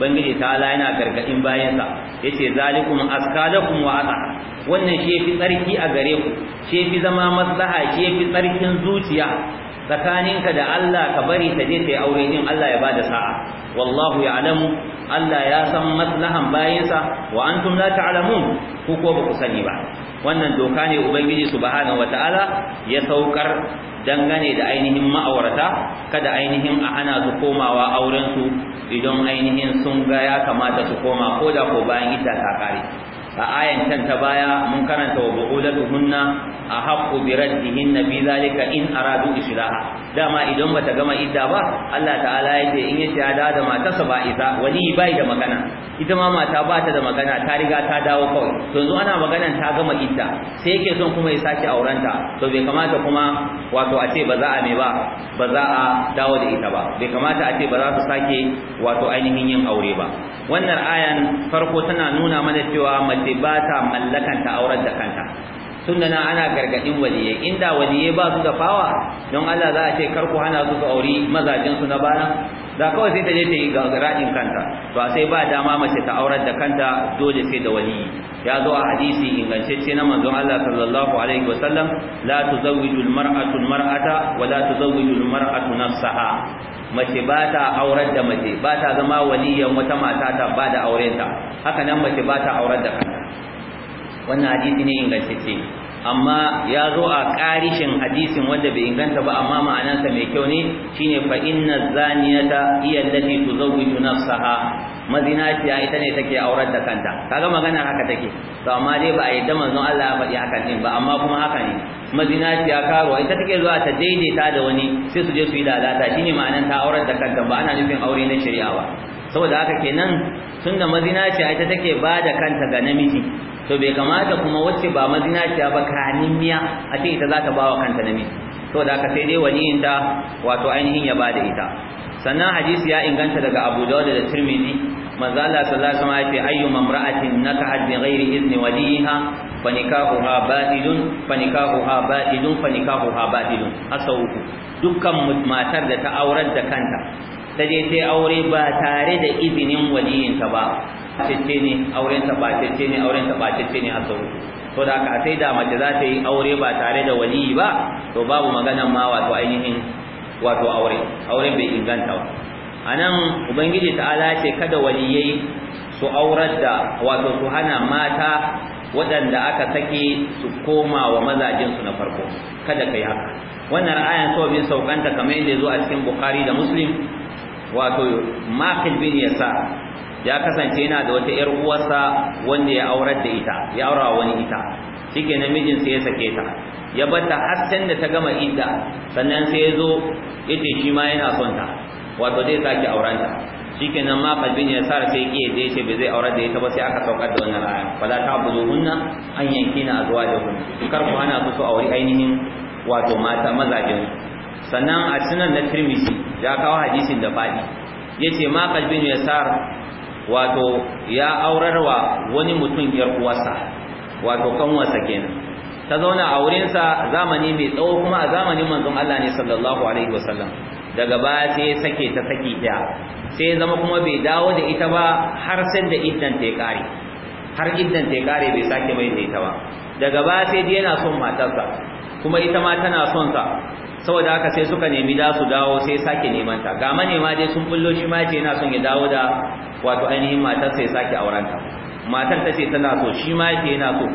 bangiji ta ala yana gargadin bayansa yace zalikum askalakum wa ata wannan shi yafi tsarki a gare ku shi yafi zama maslaha shi yafi tsarkin zuciya tsakaninka da Allah ka bari ta je ta aure din Allah ya bada sa'a wallahu ya'lamu Allah ya san maslahan bayansa wa antum la ta'lamun ku ko ba ku sani ba wannan doka ne ubangiji subhanahu wataala ya saukar dangane da ainihin ma'aurata kada ainihin a hana su komawa aurensu, su idan ainihin sun ga ya kamata su koma ko da ko bayan ita ta kare a ayan can ta baya mun karanta wa bu'ulatuhunna a haqqu bi na bi zalika in aradu islaha dama idan ba ta gama idda ba Allah ta'ala ya ce in yace ya dawo da matarsa ba isa wani bai da magana ita ma mata ba ta da magana ta riga ta dawo kawai to yanzu ana maganar ta gama idda sai yake son kuma ya sake aurenta to bai kamata kuma wato a ce ba za a me ba ba za a dawo da ita ba bai kamata a ce ba za su sake wato ainihin yin aure ba wannan ayan farko tana nuna mana cewa mace ba ta mallakan ta aurar da kanta tunda na ana gargadin waliyai inda waliyai ba su da fawa don Allah za a ce kar ku hana su su auri mazajin su na bana da kawai sai ta je ta yi gagaradin kanta to sai ba dama mace ta aurar da kanta dole sai da waliyi ya zo a hadisi ingantacce na manzon Allah sallallahu alaihi wasallam la tuzawwiju al-mar'atu al-mar'ata wa la tuzawwiju al-mar'atu nafsaha mace ba ta aurar da mace ba ta zama waliyan wata mata ta ba da aurenta haka nan mace ba ta aurar da kanta wannan hadisi ne ingantacce amma ya zo a karishin hadisin wanda bai inganta ba amma ma'anarsa mai kyau ne shine fa inna zaniyata hiya tuzawwiju nafsaha mazinaciya ita ne take aurar da kanta kaga magana haka take to amma dai ba a yadda manzon Allah ya faɗi hakan din ba amma kuma haka ne mazinaciya karuwa ita take zuwa ta daidaita da wani sai su je su yi lalata shine ma'anar ta aurar da kanta ba ana nufin aure na shari'a ba saboda haka kenan tunda mazinaciya ita take ba da kanta ga namiji to bai kamata kuma wacce ba mazinaciya ba kanimiya a ce ita za ta ba wa kanta namiji saboda haka sai dai wani ta, wato ainihin ya ba da ita sannan hadisi ya inganta daga Abu Dawud da Tirmidhi manzo Allah sallallahu alaihi wasallam ya ayyu mamra'atin nakahat bi ghairi izni waliha fa nikahuha batilun fa nikahuha batilun fa nikahuha batilun asau dukkan matar da ta aurar da kanta ta je ta aure ba tare da izinin waliyinta ba tacce ne aurenta ba tacce ne aurenta ba tacce ne asau to da ka sai da mace za ta yi aure ba tare da wali ba to babu maganan ma wato ainihin wato aure auren bai inganta ba anan ubangiji ta'ala ce kada waliyai su aurar da wato su hana mata waɗanda aka sake su koma wa su na farko kada kai haka wannan ayan sau bin saukanta kamar yadda zo a cikin bukhari da muslim wato makil bin yasa ya kasance yana da wata yar uwarsa wanda ya aurar da ita ya aura wani ita shike namijin sai ya sake ta ya bata har da ta gama idda sannan sai ya zo yace shi ma yana son ta wato zai sake auranta shikenan ma kalbin ya sara sai yake da sai bai zai aurar da ita ba sai aka saukar da wannan aya fala hunna an yankina azwajahun kar ku hana su su aure ainihin wato mata mazajin sannan a sunan na Tirmidhi ya kawo hadisin da fadi yace ma kalbin ya sara wato ya aurarwa wani mutum yar uwarsa wato kanwarsa kenan ta zauna a wurinsa zamani mai tsawo kuma a zamanin manzon Allah ne sallallahu alaihi wasallam daga baya sai ya sake ta saki ta sai ya zama kuma bai dawo da ita ba har sai da iddan ta kare har iddan ta kare bai sake mai da ita ba daga ba sai dai yana son matarsa kuma ita ma tana son sa saboda haka sai suka nemi da su dawo sai sake neman ta ga manema dai sun bullo shi ma ce yana son ya dawo da wato ainihin matarsa ya sake aurenta matar ta ce tana so shi ma ce yana so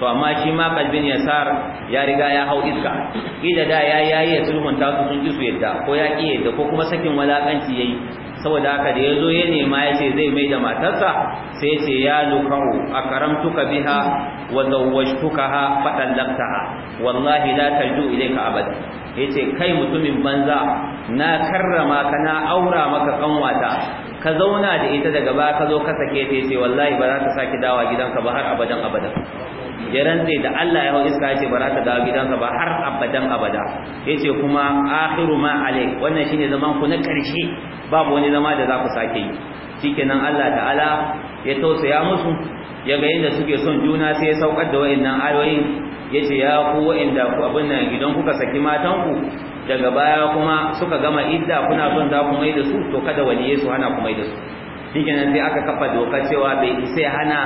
to amma shi ma kalbin yasar ya riga ya hau iska kila da ya yayi ya sulhunta su sun ji su yadda ko ya ki yadda ko kuma sakin walakanci yayi saboda haka da yazo ya nema ya ce zai mai da matarsa sai ya ce ya lukau akaramtuka biha wa zawwajtukaha fa talaqtaha wallahi la tajdu ilayka abada yace kai mutumin banza na karrama ka na aura maka kanwata ka zauna da ita daga baya ka zo ka sake ta yace wallahi ba za ta saki dawa gidanka ba har abadan abadan ya rantse da Allah ya hau iska ya ce ba za ka dawo gidansa ba har abadan abada ya ce kuma akhiru ma alai wannan shine zaman ku na karshe babu wani zama da za ku sake yi shikenan Allah ta'ala ya tausaya musu ya ga yadda suke son juna sai ya saukar da wayannan ayoyin ya ce ya ku wayanda ku abin nan gidan kuka saki matan ku daga baya kuma suka gama idda kuna son za ku mai da su to kada wani yesu hana ku mai da su shikenan sai aka kafa doka cewa bai isa hana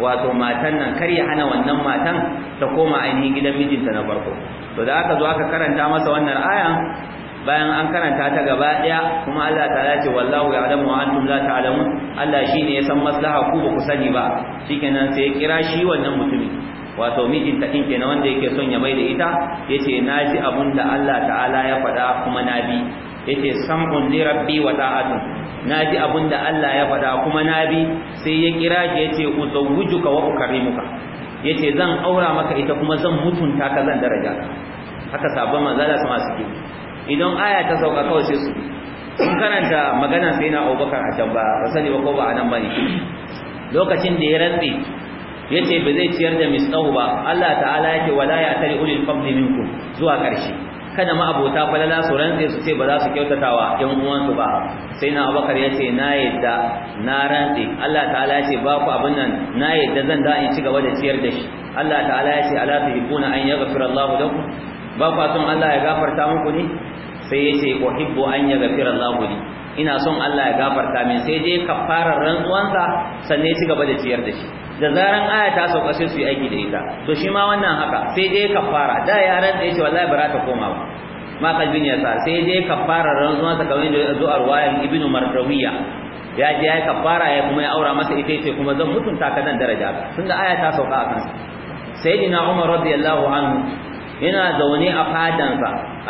wato matan nan kar ya hana wannan matan ta koma ainihin gidan mijinta na farko to da aka zo aka karanta masa wannan aya bayan an karanta ta gaba daya kuma Allah ta ce wallahu ya'lamu wa antum la ta'lamun Allah shine ya san maslaha ku ba ku sani ba shikenan sai ya kira shi wannan mutumin wato mijin ta ke na wanda yake son ya mai da ita yace ji abun da Allah ta'ala ya faɗa kuma na bi yace sam'un li rabbi wa ta'atun na ji abin da Allah ya faɗa kuma na bi sai ya kira ki ya ce uzawujuka wa ukarimuka ya ce zan aura maka ita kuma zan mutunta ka zan daraja haka sabon manzala sama suke idan aya ta sauka kawai sai su sun karanta magana sai na abubakar a can ba ba sani ba ko ba anan nan ba lokacin da ya rantse yace ba zai ciyar da misɗahu ba Allah ta'ala yake wala ya tari ulil fadli minkum zuwa ƙarshe kada ma abota falala su rantse su ce ba za su kyautatawa yan uwansu ba sai na abakar ya ce na yadda na rantse Allah ta'ala ya ce ba ku abin nan na yadda zan da in ci gaba da ciyar da shi Allah ta'ala ya ce ala tuhibbuna an yaghfira Allah lakum ba ku son Allah ya gafarta muku ne sai ya ce uhibbu an yaghfira Allah li ina son Allah ya gafarta min sai je kafarar rantsuwansa sannan ya ci gaba da ciyar da shi da zaran aya ta sauka sai su yi aiki da ita to shi ma wannan haka sai dai kafara da yaran da yace wallahi bara ta koma ba ma kalbin ya sa sai dai kafara ranzuwa ta kawai da zuwa ruwayan ibnu marrawiya ya je ya kafara ya kuma ya aura masa ita yace kuma zan mutunta ka dan daraja Tun da aya ta sauka akan sayyidina umar radiyallahu anhu yana zaune a fadan sa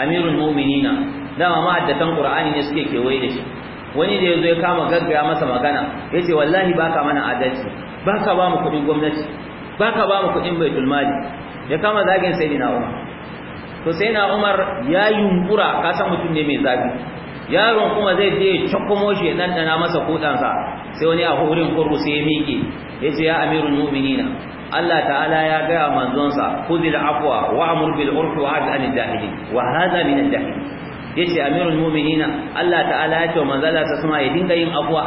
amirul mu'minina dama ma'addatan qur'ani ne suke kewaye da shi wani da yazo ya kama gaggaya masa magana yace wallahi baka mana adalci ba ka ba mu kuɗin gwamnati ba ka ba mu kudin baitul mali ya kama zagin sayyidina umar to sayyidina umar ya yunkura ka san mutum ne mai zafi yaron kuma zai je ya shi dan dana masa sa sai wani a hurin kurru sai ya miƙe yace ya amirul mu'minina Allah ta'ala ya gaya manzonsa kuzil afwa wa amur bil urf wa hadi anil jahili wa hadha min al jahili yace amirul mu'minina Allah ta'ala ya ce manzala sa kuma ya dinga yin afwa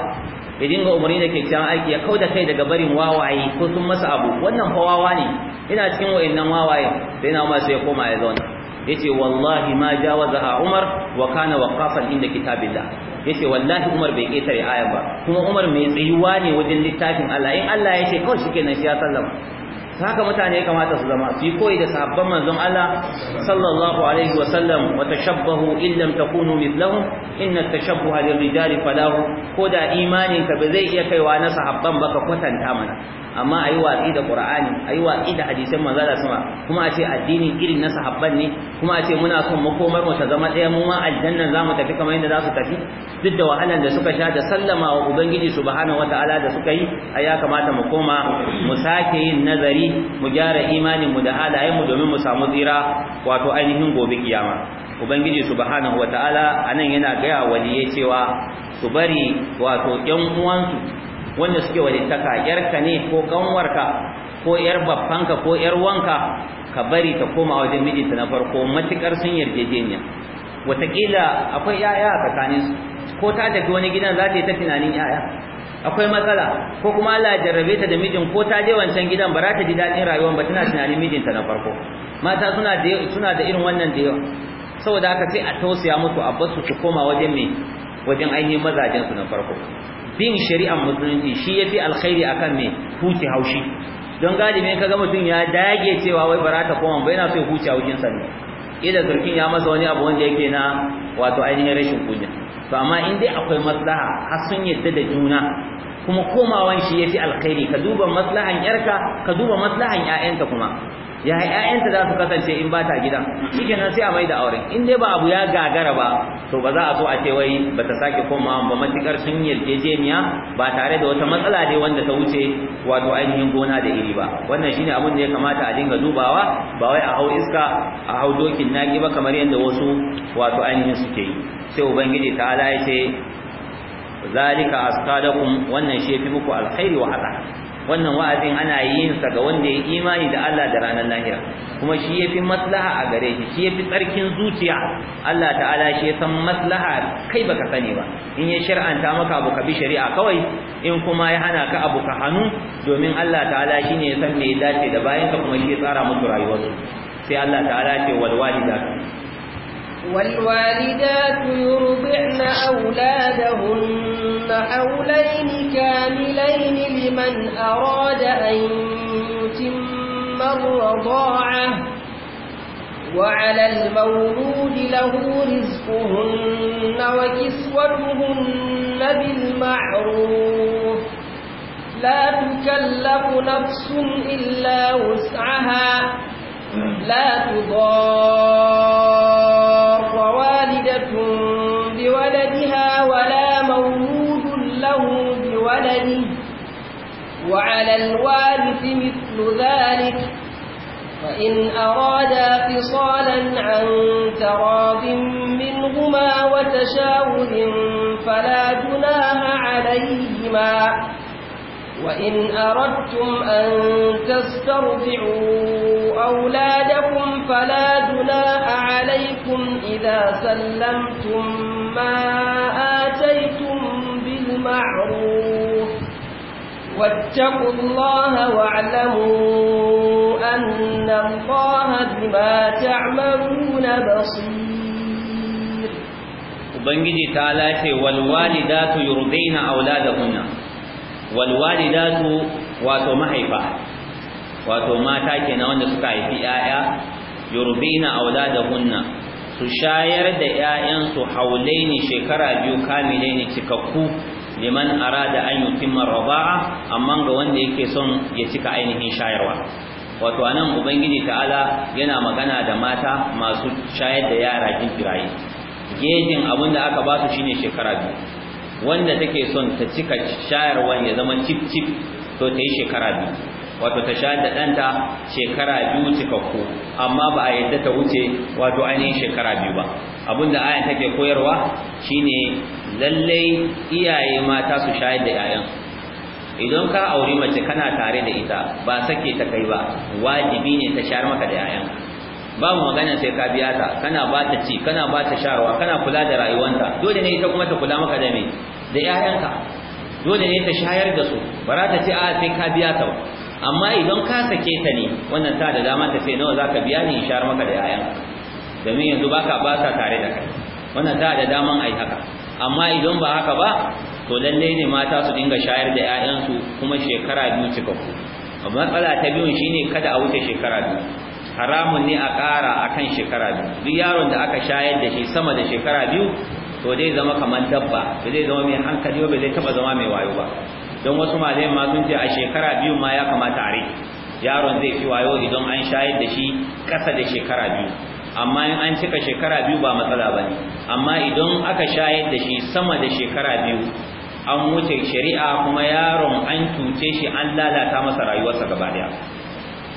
ya dinga umarni da kyakkyawan aiki ya kauda kai daga barin wawaye ko sun masa abu wannan fa wawa ne ina cikin wayannan wawaye sai na umar sai ya koma ya zauna yace wallahi ma jawaza umar wa kana waqafan inda kitabillah yace wallahi umar bai ƙetare aya ba kuma umar mai tsayuwa ne wajen littafin Allah in Allah ya ce kawai shikenan shi ya sallama haka mutane kamata su zama su yi koyi da sahabban manzon Allah sallallahu alaihi wa sallam wa tashabbahu in takunu mithlahum inna tashabbuha lirrijali falahu ko da imaninka ba zai iya kaiwa na sahabban ba ka kwatanta mana amma a yi watsi da a yi watsi da hadisan manzo da sama kuma a ce addini irin na sahabban ne kuma a ce muna son makomar mu ta zama ɗaya mu ma aljanna za mu tafi kamar yadda za su tafi duk da wahalan da suka sha da sallama wa ubangiji subhanahu wataala da suka yi a ya kamata mu koma mu sake yin nazari mu gyara imanin mu da halayen mu domin mu samu tsira wato ainihin gobe kiyama ubangiji subhanahu wataala anan yana gaya waliye cewa su bari wato yan uwansu wanda suke walittaka yarka ne ko kanwarka ko yar babbanka ko yar wanka ka bari ta koma wajen mijinta na farko matukar sun yarjejeniya watakila akwai yaya a tsakanin su ko ta tafi wani gidan za ta yi ta tunanin yaya akwai matsala ko kuma Allah ya jarrabe ta da mijin ko ta je wancan gidan ba za ta ji daɗin rayuwar ba tana tunanin mijinta na farko mata suna da irin wannan da yawa saboda haka sai a tausaya musu a basu su koma wajen me wajen ainihin mazajen su na farko bin shari'ar musulunci shi ya fi alkhairi akan me huce haushi don galibi kaga mutum ya dage cewa wai bara ta koma ba yana so ya huce haushin sa ne idan zurkin ya masa wani abu wanda yake na wato ainihin rashin kunya to amma in dai akwai maslaha har sun yadda da juna kuma komawan shi yafi alkhairi ka duba maslahan yarka ka duba maslahan ƴaƴanka kuma ya ƴaƴanta za su kasance in ba ta gidan shikenan sai a mai da auren in dai ba abu ya gagara ba to ba za a so a ce wai ba ta sake koma ba matukar sun yarjejeniya ba tare da wata matsala dai wanda ta wuce wato ainihin gona da iri ba wannan shine abin da ya kamata a dinga dubawa ba wai a hau iska a hau dokin naki ba kamar yadda wasu wato ainihin suke yi sai ubangiji ta ala ya ce zalika askadakum wannan shi ya fi muku alkhairi wa hada wannan wa'azin ana yin sa ga wanda ya imani da Allah da ranar lahira kuma shi yafi maslaha a gare shi shi yafi tsarkin zuciya Allah ta'ala shi ya san maslaha kai baka sani ba in ya shar'anta maka abu ka bi shari'a kawai in kuma ya hana ka abu ka hannu domin Allah ta'ala shi ne ya san me ya dace da bayan ka kuma shi ya tsara musu rayuwarsu sai Allah ta'ala ce wal walidatu والوالدات يرضعن أولادهن حولين كاملين لمن أراد أن يتم الرضاعة وعلى المولود له رزقهن وكسوتهن بالمعروف لا تكلف نفس إلا وسعها لا تضار وعلى الوارث مثل ذلك فإن أرادا فصالا عن تراب منهما وتشاور فلا جناها عليهما وإن أردتم أن تسترضعوا أولادكم فلا جناح عليكم إذا سلمتم ما آتيتم بالمعروف واتقوا الله واعلموا أن الله بما تعملون بصير وبنجي تعالى والوالدات يرضين أولادهن والوالدات واتو محيفة واتو ماتا كنا وانا سكاي في آية يرضين أولادهن su shayar da 'ya'yansu haulaini shekara biyu kamilai ne cikakku liman arada an yutimma raba'a amma ga wanda yake son ya cika ainihin shayarwa wato anan ubangiji ta'ala yana magana da mata masu shayar da yara kirayi gejin abin da aka ba su shine shekara biyu wanda take son ta cika shayarwa ya zama cip cip to ta yi shekara biyu wato ta shayar da ɗanta shekara biyu cikakku amma ba a yadda ta wuce wato ainihin shekara biyu ba abin da ayan take koyarwa shine lallai iyaye mata su shayar da 'ya'yan idan ka auri mace kana tare da ita ba sake ta kai ba wajibi ne ta shayar maka da yayan babu magana sai ka biya ta kana ba ta ci kana ba ta sharwa kana kula da rayuwanta dole ne ita kuma ta kula maka da me da yayanka dole ne ta shayar da su ba za ta ce a sai ka biya ta ba amma idan ka sake ta ne wannan ta da dama ta ce nawa zaka biya ni in shayar maka da yayan domin yanzu baka ba ta tare da kai wannan ta da daman ai haka amma idan ba haka ba to lallai ne mata su dinga shayar da 'ya'yansu kuma shekara biyu cika amma matsala ta biyun shine kada a wuce shekara biyu haramun ne a ƙara akan shekara biyu duk yaron da aka shayar da shi sama da shekara biyu to zai zama kamar dabba ba zai zama mai hankali ba zai taba zama mai wayo ba don wasu malayan ma sun ce a shekara biyu ma ya kamata a rike yaron zai fi wayo idan an shayar da shi ƙasa da shekara biyu amma in an cika shekara biyu ba matsala bane amma idan aka shayar da shi sama da shekara biyu an wuce shari'a kuma yaron an cuce shi an lalata masa rayuwarsa gaba daya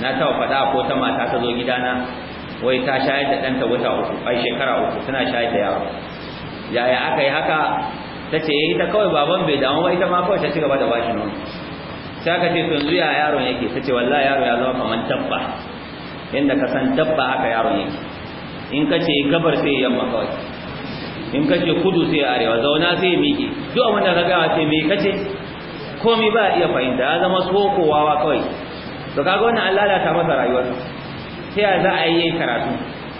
na taɓa faɗa ko ta mata ta zo gidana wai ta shayar da ɗanta wata uku ai shekara uku tana shayar da yaro yaya aka yi haka ta ce yi eh, ta kawai baban bai damu ba ita ma kawai ta ci gaba da bashi nono sai aka ce tun zuya yaron yake ta ce wallahi yaro ya zama kamar dabba inda ka san dabba haka yaron yake in ka ce gabar sai yamma kawai in ka ce kudu sai arewa zauna sai miƙe duk abin da ka gawa ce me ka ce komai ba iya fahimta ya zama sokowawa kawai to kaga wannan an lalata masa rayuwarsa sai ya za a yi karatu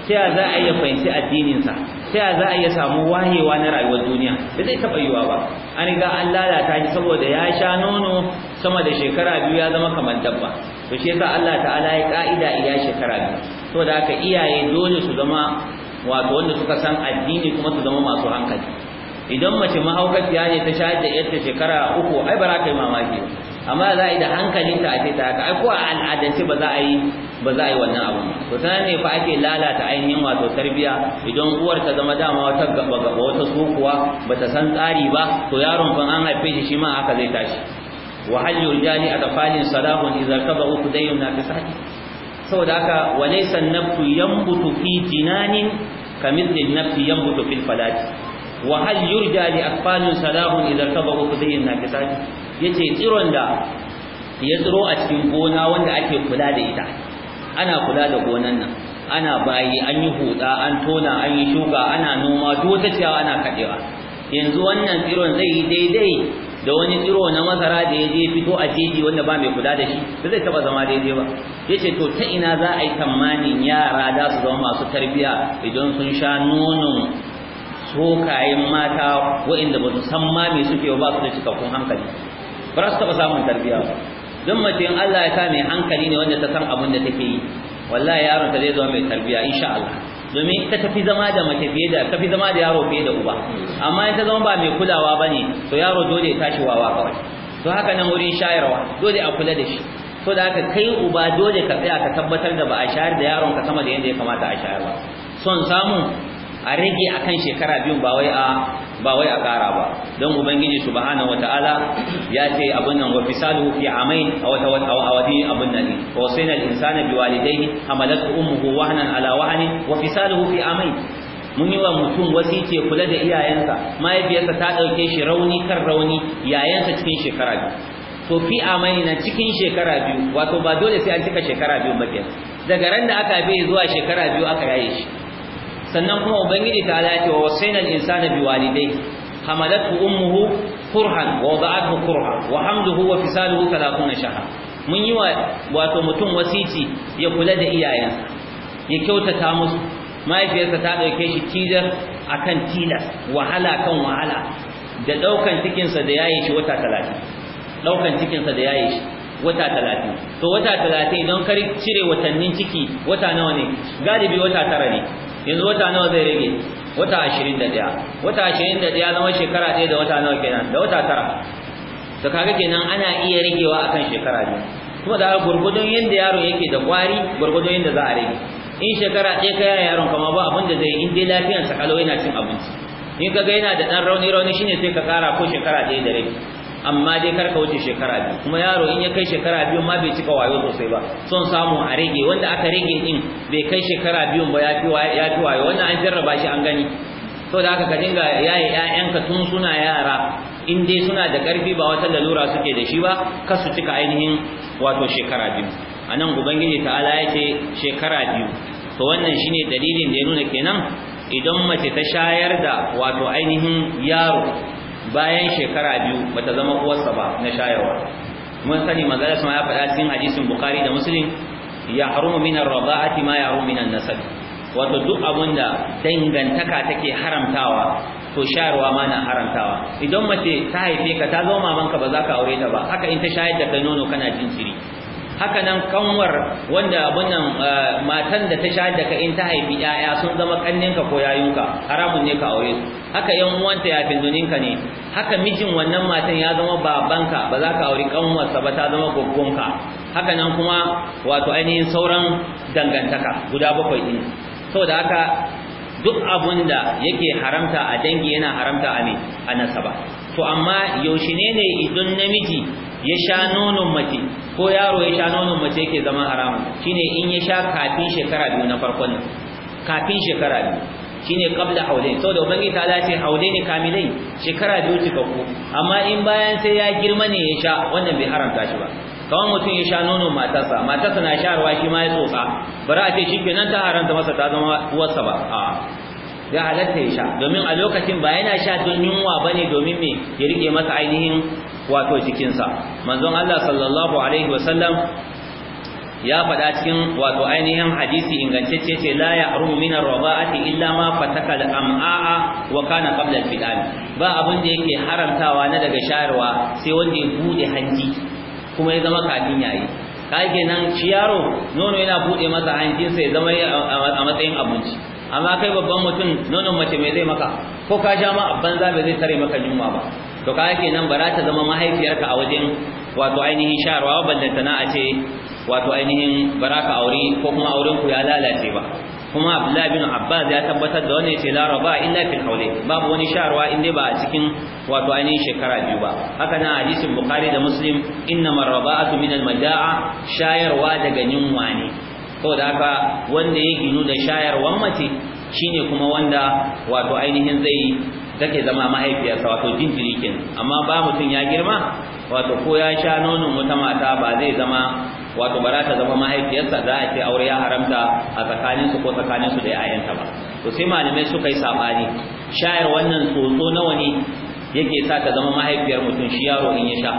sai ya za a yi fahimci addininsa sai ya za a yi samu wahewa na rayuwar duniya ba zai taɓa yiwa ba an riga an lalata shi saboda ya sha nono sama da shekara biyu ya zama kamar dabba to shi yasa Allah ta'ala ya ka'ida iya shekara biyu so da aka iyaye dole su zama wato wanda suka san addini kuma su zama masu hankali idan mace mahaukaciya ne ta shayar da yarta shekara uku ai ba za ka yi mamaki amma za a yi da hankalinta a ce ta haka ai ko a al'adance ba za a yi ba za a yi wannan abu to ta ne fa ake lalata ainihin wato tarbiya idan uwar ta zama dama wata gaba gaba wata ba bata san tsari ba to yaron kan an haife shi shi ma haka zai tashi wa hal yurjani atafalin salahun idza tabu kudayyun nafisati saboda haka wa an-nafsu yanbutu fi jinanin kamithli an-nafsi yanbutu fil falati wa hal yurja li aqfalin salahun idan tabahu fudhihin nakisati yace tsiron da ya tsiro a cikin gona wanda ake kula da ita ana kula da gonan nan ana bayi an yi huda an tona an yi shuka ana noma wata ciyawa ana kadewa yanzu wannan tsiron zai yi daidai da wani tsiro na masara da ya je fito a jeji wanda ba mai kula da shi ba zai taba zama daidai ba Ya ce to ta ina za a yi tamanin yara da su zama masu tarbiya idan sun sha nonon sokayen mata waɗanda ba su san ma me suke ba su da cikakkun hankali ba su taba samun tarbiya ba don mace in Allah ya sa mai hankali ne wanda ta san abin da take yi wallahi yaron ta zai zama mai tarbiya insha Allah domin ita tafi zama da mace fiye da tafi zama da yaro fiye da uba amma in ta zama ba mai kulawa ba ne to yaro dole ya tashi wawa kawai to haka nan wurin shayarwa dole a kula da shi to da haka kai uba dole ka tsaya ka tabbatar da ba a shayar da yaron ka sama da yadda ya kamata a shayarwa son samu a rage akan shekara biyu ba wai a ba wai a ƙara ba don ubangiji subhanahu wataala ya ce abin nan wa fisaluhu fi amain aw tawadi abin nan wa sayna al-insana biwalidayhi hamalathu ummuhu wahnan ala wahnin wa fisaluhu fi amain mun yi wa mutum wasi ce kula da iyayensa mahaifiyarsa ta dauke shi rauni kan rauni yayansa cikin shekara biyu to fi amani na cikin shekara biyu wato ba dole sai an cika shekara biyu ba daga ran da aka bai zuwa shekara biyu aka yaye shi sannan kuma ubangiji ta ala ce wa wasainal insana biwalidai hamalatu ummuhu kurhan wa wada'athu kurha wa hamduhu wa fisaluhu 30 shahra mun yi wato mutum wasici ya kula da iyayensa ya kyautata musu mahaifiyarsa ta dauke shi tilas akan tilas wahala kan wahala da daukan cikinsa da yayi shi wata 30 daukan da yayi shi wata 30 to wata 30 don kar cire watannin ciki wata nawa ne galibi wata tara ne yanzu wata nawa zai rage wata 21 wata 21 zama shekara ɗaya da wata nawa kenan da wata tara to kaga kenan ana iya ragewa akan shekara biyu kuma da gurgudun yanda yaron yake da kwari gurgudun yanda za a rage in shekara ɗaya kai yaron kuma ba abin da zai in dai lafiyar sa kalo yana cin abinci in kaga yana da dan rauni rauni shine sai ka kara ko shekara ɗaya da rage amma dai karka wuce shekara biyu kuma yaro in ya kai shekara biyu ma bai cika wayo sosai ba son samu a rage wanda aka rage din bai kai shekara biyun ba ya fi wayo wannan an jarraba shi an gani saboda haka ka dinga yaye ƴaƴanka tun suna yara in dai suna da ƙarfi ba wata lalura suke da shi ba kar su cika ainihin wato shekara biyu a nan ubangiji ta'ala ya ce shekara biyu to wannan shine dalilin da ya nuna kenan idan mace ta shayar da wato ainihin yaro bayan shekara biyu bata zama uwarsa ba na shayarwa mun sani manzala ya faɗa cikin hadisin bukhari da muslim ya harumu min ar-rada'ati ma ya harumu min an wato duk abinda dangantaka take haramtawa to shayarwa ma na haramtawa idan mace ta haife ka ta zama mamanka ba za ka aure ta ba haka in ta shayar da kai nono kana jin ciri haka nan kanwar wanda wannan eh, matan da ta sha da in ta haifi yaya sun zama kanninka ko yayunka haramun ne ka aure su haka yan uwanta ya finduninka ne haka mijin wannan matan ya zama babanka ba za ka aure kanwarsa ba ta zama gogonka haka nan kuma wato ainihin sauran dangantaka guda bakwai din saboda haka duk abun da yake haramta a dangi yana haramta a me a nasaba to amma yaushe ne ne idan namiji ya sha nonon mace ko yaro ya sha nonon mace yake zama haramun shine in ya sha kafin shekara biyu na farkon kafin shekara biyu shine qabla to da ubangi ta dace ne kamilai shekara biyu cikakku amma in bayan sai ya girma ne ya sha wannan bai haramta shi ba kawai mutum ya sha nonon matarsa matarsa na sharwa shi ma ya tsotsa bari a ce shi kenan ta haramta masa ta zama uwarsa ba a'a ya halatta ya sha domin a lokacin ba yana sha don yunwa bane domin me ya rike masa ainihin wato jikinsa manzon Allah sallallahu alaihi wasallam ya faɗa cikin wato ainihin hadisi ingantacce ce la ya'rumu min ar illa ma fataka al-am'a wa kana qabla al fidal ba abin da yake haramtawa na daga shayarwa sai wanda ya bude hanji kuma ya zama kafin yayi kage nan ciyaro yaro nono yana bude masa hanjinsa ya zama a matsayin abinci amma kai babban mutum nonon mace mai zai maka ko ka sha ma abban za zai tare maka yunwa ba to ka yake nan ba ta zama mahaifiyarka a wajen wato ainihin shayarwa ballanta na a ce wato ainihin baraka aure ko kuma auren ku ya lalace ba kuma abdullahi bin Abbas ya tabbatar da wannan ce la raba illa fil haule babu wani sharwa in dai ba a cikin wato ainihin shekara biyu ba haka na hadisin Bukhari da Muslim inna marraba'atu min al-majaa shayarwa daga yunwa ne saboda haka wanda ya ginu da wan mace shine kuma wanda wato ainihin zai take zama mahaifiyarsa wato jinjiri kenan amma ba mutum ya girma wato ko ya sha nonon wata mata ba zai zama wato ba za ta zama mahaifiyarsa za a ce aure ya haramta a tsakaninsu ko tsakaninsu da yayanta ba to sai malamai suka yi sabani shayar wannan tsotso nawa ne yake sa ta zama mahaifiyar mutum shi yaro in ya sha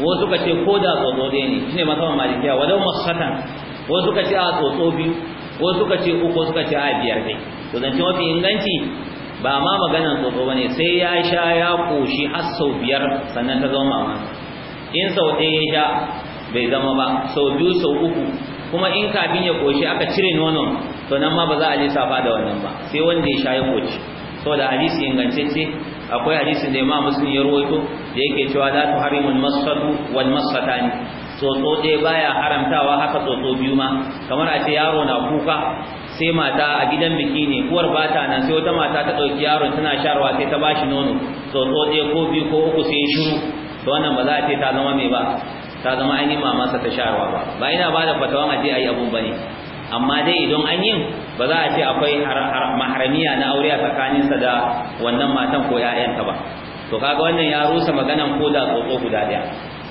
wasu suka ce ko da tsotso ne shine masama malikiya walau masatan wasu suka ce a tsotso biyu wasu suka ce uku suka ce a biyar ne to zance mafi inganci ba ma maganan tsotso ne sai ya sha ya koshi har sau biyar sannan ta zama ma in sau ɗaya ya sha bai zama ba sau biyu sau uku kuma in kafin ya koshi aka cire nonon to nan ma ba za a lissafa da wannan ba sai wanda ya sha ya koshi saboda hadisi ingantacce akwai hadisin da ma musulmi ya ruwaito da yake cewa la tuharimul masfatu wal masfatani tsotso ɗaya baya haramtawa haka tsotso biyu ma kamar a ce yaro na kuka sai mata a gidan biki ne uwar bata nan sai wata mata ta ɗauki yaron tana sharwa sai ta bashi nono tsotso ɗaya ko biyu ko uku sai shiru to wannan ba za a ce ta zama mai ba ta zama ainihin mamansa ta sharwa ba ba ina ba da fatawan a je a yi abun ba ne amma dai idan an yin ba za a ce akwai maharamiya na aure a tsakaninsa da wannan matan ko 'ya'yanta ba to kaga wannan ya rusa maganan ko da tsotso guda ɗaya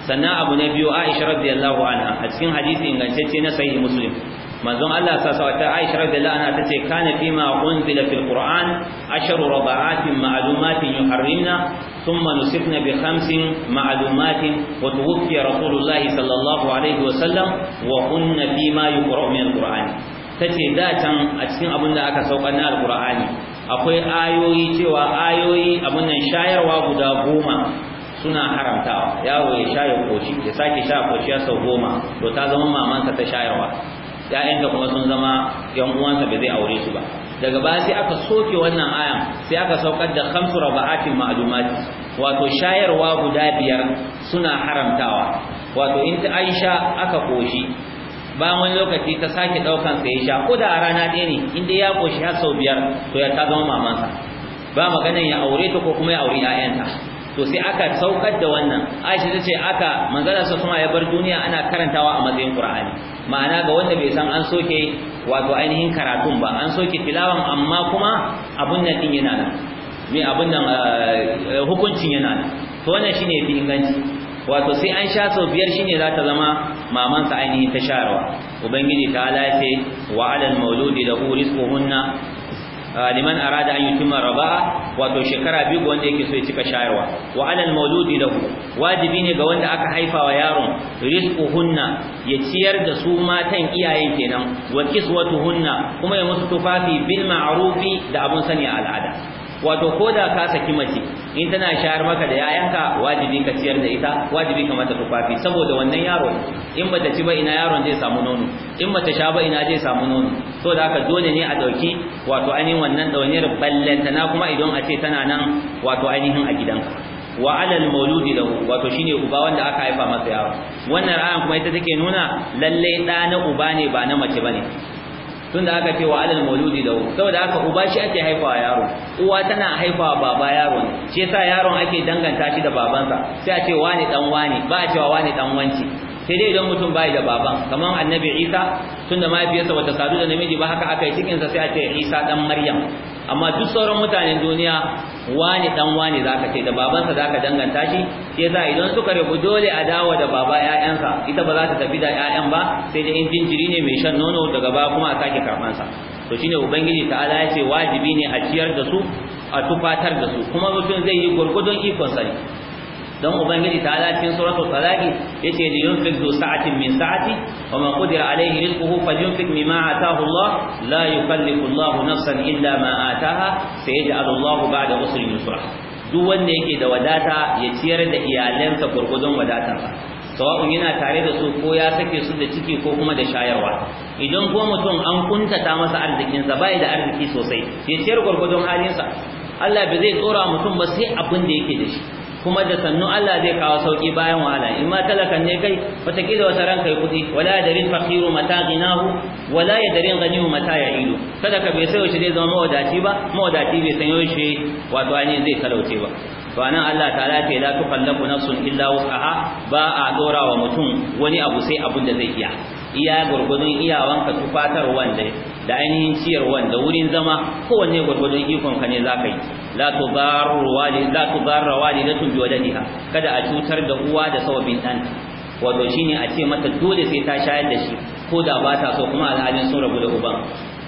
sannan abu na biyu Aisha radiyallahu anha a cikin hadisi ingantacce na sahih Muslim manzon Allah sa Aisha radiyallahu anha tace kana fi ma unzila fil Qur'an asharu rabaatin ma'lumatin yuharrimna thumma nusifna bi khamsin ma'lumatin wa tuwfiya Rasulullah sallallahu alaihi wa sallam wa kunna fi ma yuqra'u min quran tace da can a cikin abin da aka sauka na al akwai ayoyi cewa ayoyi abin nan shayarwa guda goma suna haramtawa yawo ya sha ya koshi ya sake sha koshi ya sau goma to ta zama mamansa ta shayarwa ya'yanka kuma sun zama yan uwansa bai zai aure su ba daga baya sai aka soke wannan ayan sai aka saukar da khamsu rabaatin ma'lumat wato shayarwa guda biyar suna haramtawa wato in ta Aisha aka koshi ba wani lokaci ta sake daukan sai sha ko da a rana ɗaya ne in dai ya koshi har sau biyar to ya ta zama mamansa ba maganin ya aure ta ko kuma ya aure 'ya'yanta to sai aka saukar da wannan Aisha tace aka manzala sa kuma ya bar duniya ana karantawa a matsayin Qur'ani ma'ana ga wanda bai san an soke wato ainihin karatun ba an soke tilawan amma kuma abun nan din yana nan me abun nan eh, hukuncin yana nan to wannan shine fi inganci wato sai an sha sau biyar shine za ta zama mamansa ainihin ta sharwa ubangiji ta ala wa alal mauludi lahu rizquhunna liman arada an yutimma raba'a wato shekara biyu ga wanda yake so ya cika shayarwa wa alal mauludi lahu wajibi ne ga wanda aka haifa wa yaron rizquhunna ya ciyar da su matan iyayen kenan wa kiswatuhunna kuma ya musu tufafi bil ma'rufi da abun sani a al'ada wato ko da ka saki mace in tana shayar maka da yayanka wajibi ka ciyar da ita wajibi ka mata tufafi saboda wannan yaro in bata ci ba ina yaron zai samu nono in bata sha ba ina zai samu nono to da haka dole ne a dauki wato ainihin wannan ballanta. Na kuma idan a ce tana nan wato ainihin a gidan. wa alal mauludi lahu wato shine uba wanda aka haifa masa yaro wannan ra'ayin kuma ita take nuna lalle da na uba ne ba na mace bane tunda aka ce wa alal mauludi da saboda aka uba shi ake haifawa yaro uwa tana haifawa baba yaro ne shi yasa yaron ake danganta shi da babansa sai a ce wani dan wani ba a cewa wani dan wanci sai dai idan mutum bai da baban kamar annabi Isa tunda mahaifiyarsa bata sadu da namiji ba haka aka yi cikinsa sai a ce Isa dan Maryam amma duk sauran mutanen duniya wani dan wani zaka ce da babansa zaka danganta shi shi yasa idan suka rabu dole a dawo da baba ƴaƴansa ita ba za ta tafi da ƴaƴan ba sai da in jinjiri ne mai shan nono daga ba kuma a sake sa to shine ubangiji ta'ala ya ce wajibi ne a ciyar da su a tufatar da su kuma mutum zai yi gurgudun ikon sa don ubangiji ta ala cikin suratu talaqi yace li yunfiq du sa'atin min sa'ati wa ma qadira alayhi rizquhu falyunfiq mimma ataahu Allah la yukallifu Allah nafsan illa ma ataaha sayaj'alu Allah ba'da usrin yusra duk wanda yake da wadata ya ciyar da iyalansa gurgudun ba, sawa'un yana tare da su ko ya sake su da ciki ko kuma da shayarwa idan ko mutum an kuntata masa arzikinsa bai da arziki sosai ya ciyar gurgudun halinsa Allah bai zai tsora mutum ba sai abin da yake da shi kuma da sannu Allah zai kawo sauki bayan wahala in ma talakan ne kai watakila wata ran kai kudi wala yadrin fakiru mata ginahu wala yadrin gani mata ya Kada sadaka bai sai shi zai zama mawadaci ba mawadaci bai san yaushe wato ainihin zai talauce ba to anan Allah ta'ala ce la tukallafu nafsun illa wus'aha ba a dora wa mutum wani abu sai abun da zai iya iya gurgudun iyawanka tufatar wanda da ainihin ciyarwan da wurin zama kowanne gurgudun ikonka ne zaka yi la tudarru walid la tudarra walidatun biwaladiha kada a cutar da uwa da sawabin ɗanta wato shine a ce mata dole sai ta shayar da shi ko da ba ta so kuma al'adun sun rabu da uban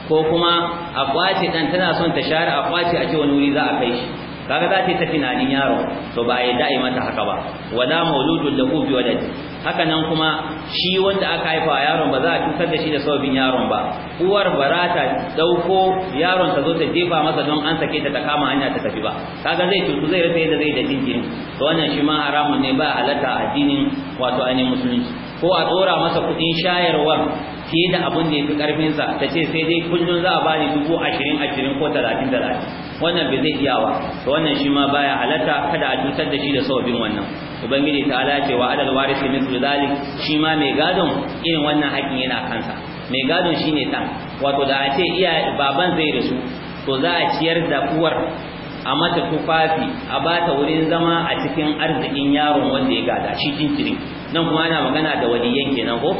ko kuma a kwace dan tana son ta share a kwace a ce wani wuri za a kai shi kaga za ta yi ta tunanin yaro to ba a yi da'i mata haka ba wala mauludun lahu bi walad haka nan kuma shi wanda aka haifa a yaron ba za a cutar da shi da sababin yaron ba uwar barata ta dauko yaron ta zo ta jefa masa don an sake ta ta kama hanya ta tafi ba kaga zai cutu zai rufe yadda zai da jinjin to wannan shi ma haramun ne ba halatta a addinin wato ainihin musulunci ko a tsora masa kuɗin shayarwar fiye da abin da ya fi ƙarfinsa ta ce sai dai kullun za a ba ni dubu ashirin ashirin ko talatin talatin wannan bai zai iyawa to wannan shi ma baya halatta kada a cutar da shi da sababin wannan ubangiji ta ala ce wa adal warisi min zalik shi ma mai gadon irin wannan hakkin yana kansa mai gadon shine ta wato da a ce iya baban zai rasu to za a ciyar da kuwar a mata tufafi a bata wurin zama a cikin arzikin yaron wanda ya gada shi jinjirin, nan kuma ana magana da waliyan kenan ko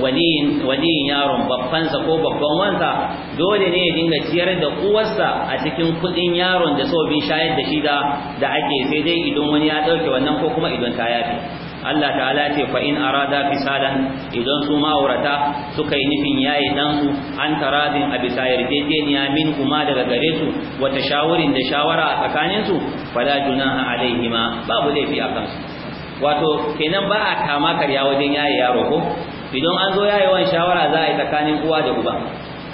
waliyin waliyin yaron babbansa ko babban wansa dole ne ya dinga ciyar da uwarsa a cikin kudin yaron da bin shayar da shi da da ake sai dai idan wani ya dauke wannan ko kuma idan ta yafi Allah ta'ala ce fa in arada fisalan idan su ma'aurata suka yi nufin yayi dan su an taradin a bisa yarjejeniya min kuma daga gare su wata shawurin da shawara a tsakanin su fala junaha alaihima babu laifi akan su wato kenan ba a kama karya wajen yayi yaro ko idan an zo wani shawara za a yi tsakanin uwa da uba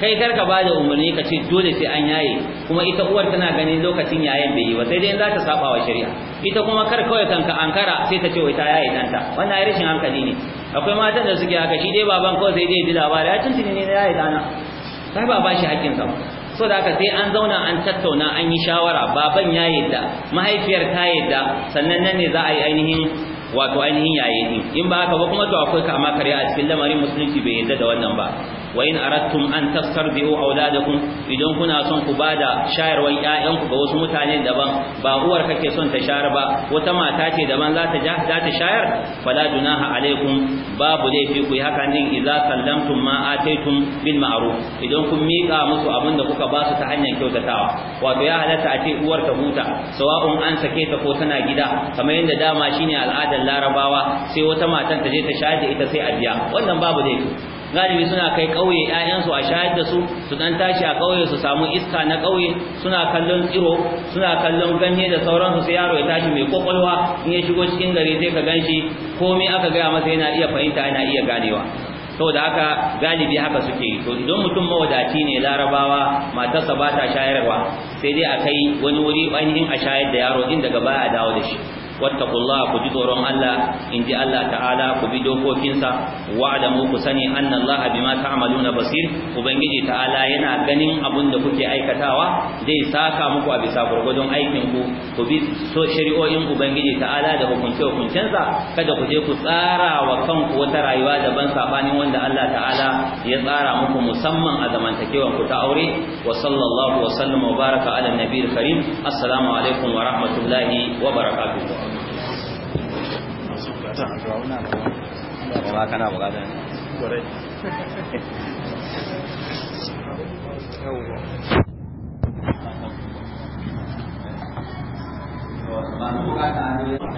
kai karka ba da umarni ka ce dole sai an yaye kuma ita uwar tana ganin lokacin yayin bai yi ba sai dai za ta saba wa shari'a ita kuma kar kawai kanka ankara sai ta ce wai ta yaye danta wannan ai rashin hankali ne akwai matan da suke haka shi dai baban kawai sai dai ji labari ya tuntuni ne na yaye dana sai ba bashi hakkin sa so da haka sai an zauna an tattauna an yi shawara baban ya yadda mahaifiyar ta yadda sannan nan ne za a yi ainihin wato ainihin yaye din in ba haka ba kuma to akwai kama karya a cikin lamarin musulunci bai yarda da wannan ba wa in aradtum an tastarbi'u auladakum idan kuna son ku ba da shayarwar ƴaƴan ku ga wasu mutane daban ba uwar kake son ta shayar ba wata mata ce daban za ta za ta shayar fala junaha babu laifi ku yi haka din idza sallamtum ma ataitum bil ma'ruf idan kun mika musu abin da kuka basu ta hanyar kyautatawa wato ya halatta a ce uwar ta huta sawa'un an sake ta ko tana gida kamar yadda dama shine al'adar larabawa sai wata matan ta je ta shayar da ita sai a biya wannan babu laifi galibi suna kai ƙauye ƴaƴansu a shayar da su su dan tashi a kauye su samu iska na kauye suna kallon tsiro suna kallon ganye da sauransu sai yaro ya tashi mai kwakwalwa in ya shigo cikin gari sai ka ganshi komai aka gaya masa yana iya fahimta yana iya ganewa saboda haka galibi haka suke to idan mutum mawadaci ne larabawa matarsa ba ta shayarwa sai dai a kai wani wuri ainihin a shayar da yaro din daga baya a dawo da shi kulla ku ji tsoron Allah in ji Allah ta'ala ku bi dokokinsa wa'lamu ku sani anna Allah bima ta'maluna basir ubangiji ta'ala yana ganin abun da kuke aikatawa zai saka muku a bisa gurgudun aikin ku ku bi so shari'o'in ubangiji ta'ala da hukunce hukuncensa kada ku je ku tsara wa kanku wata rayuwa daban sabanin wanda Allah ta'ala ya tsara muku musamman a zamantakewan ku ta aure wa sallallahu wa sallama wa baraka ala nabiyil karim assalamu alaikum wa rahmatullahi wa barakatuh watan azuwa wuna ba kuma kana bukata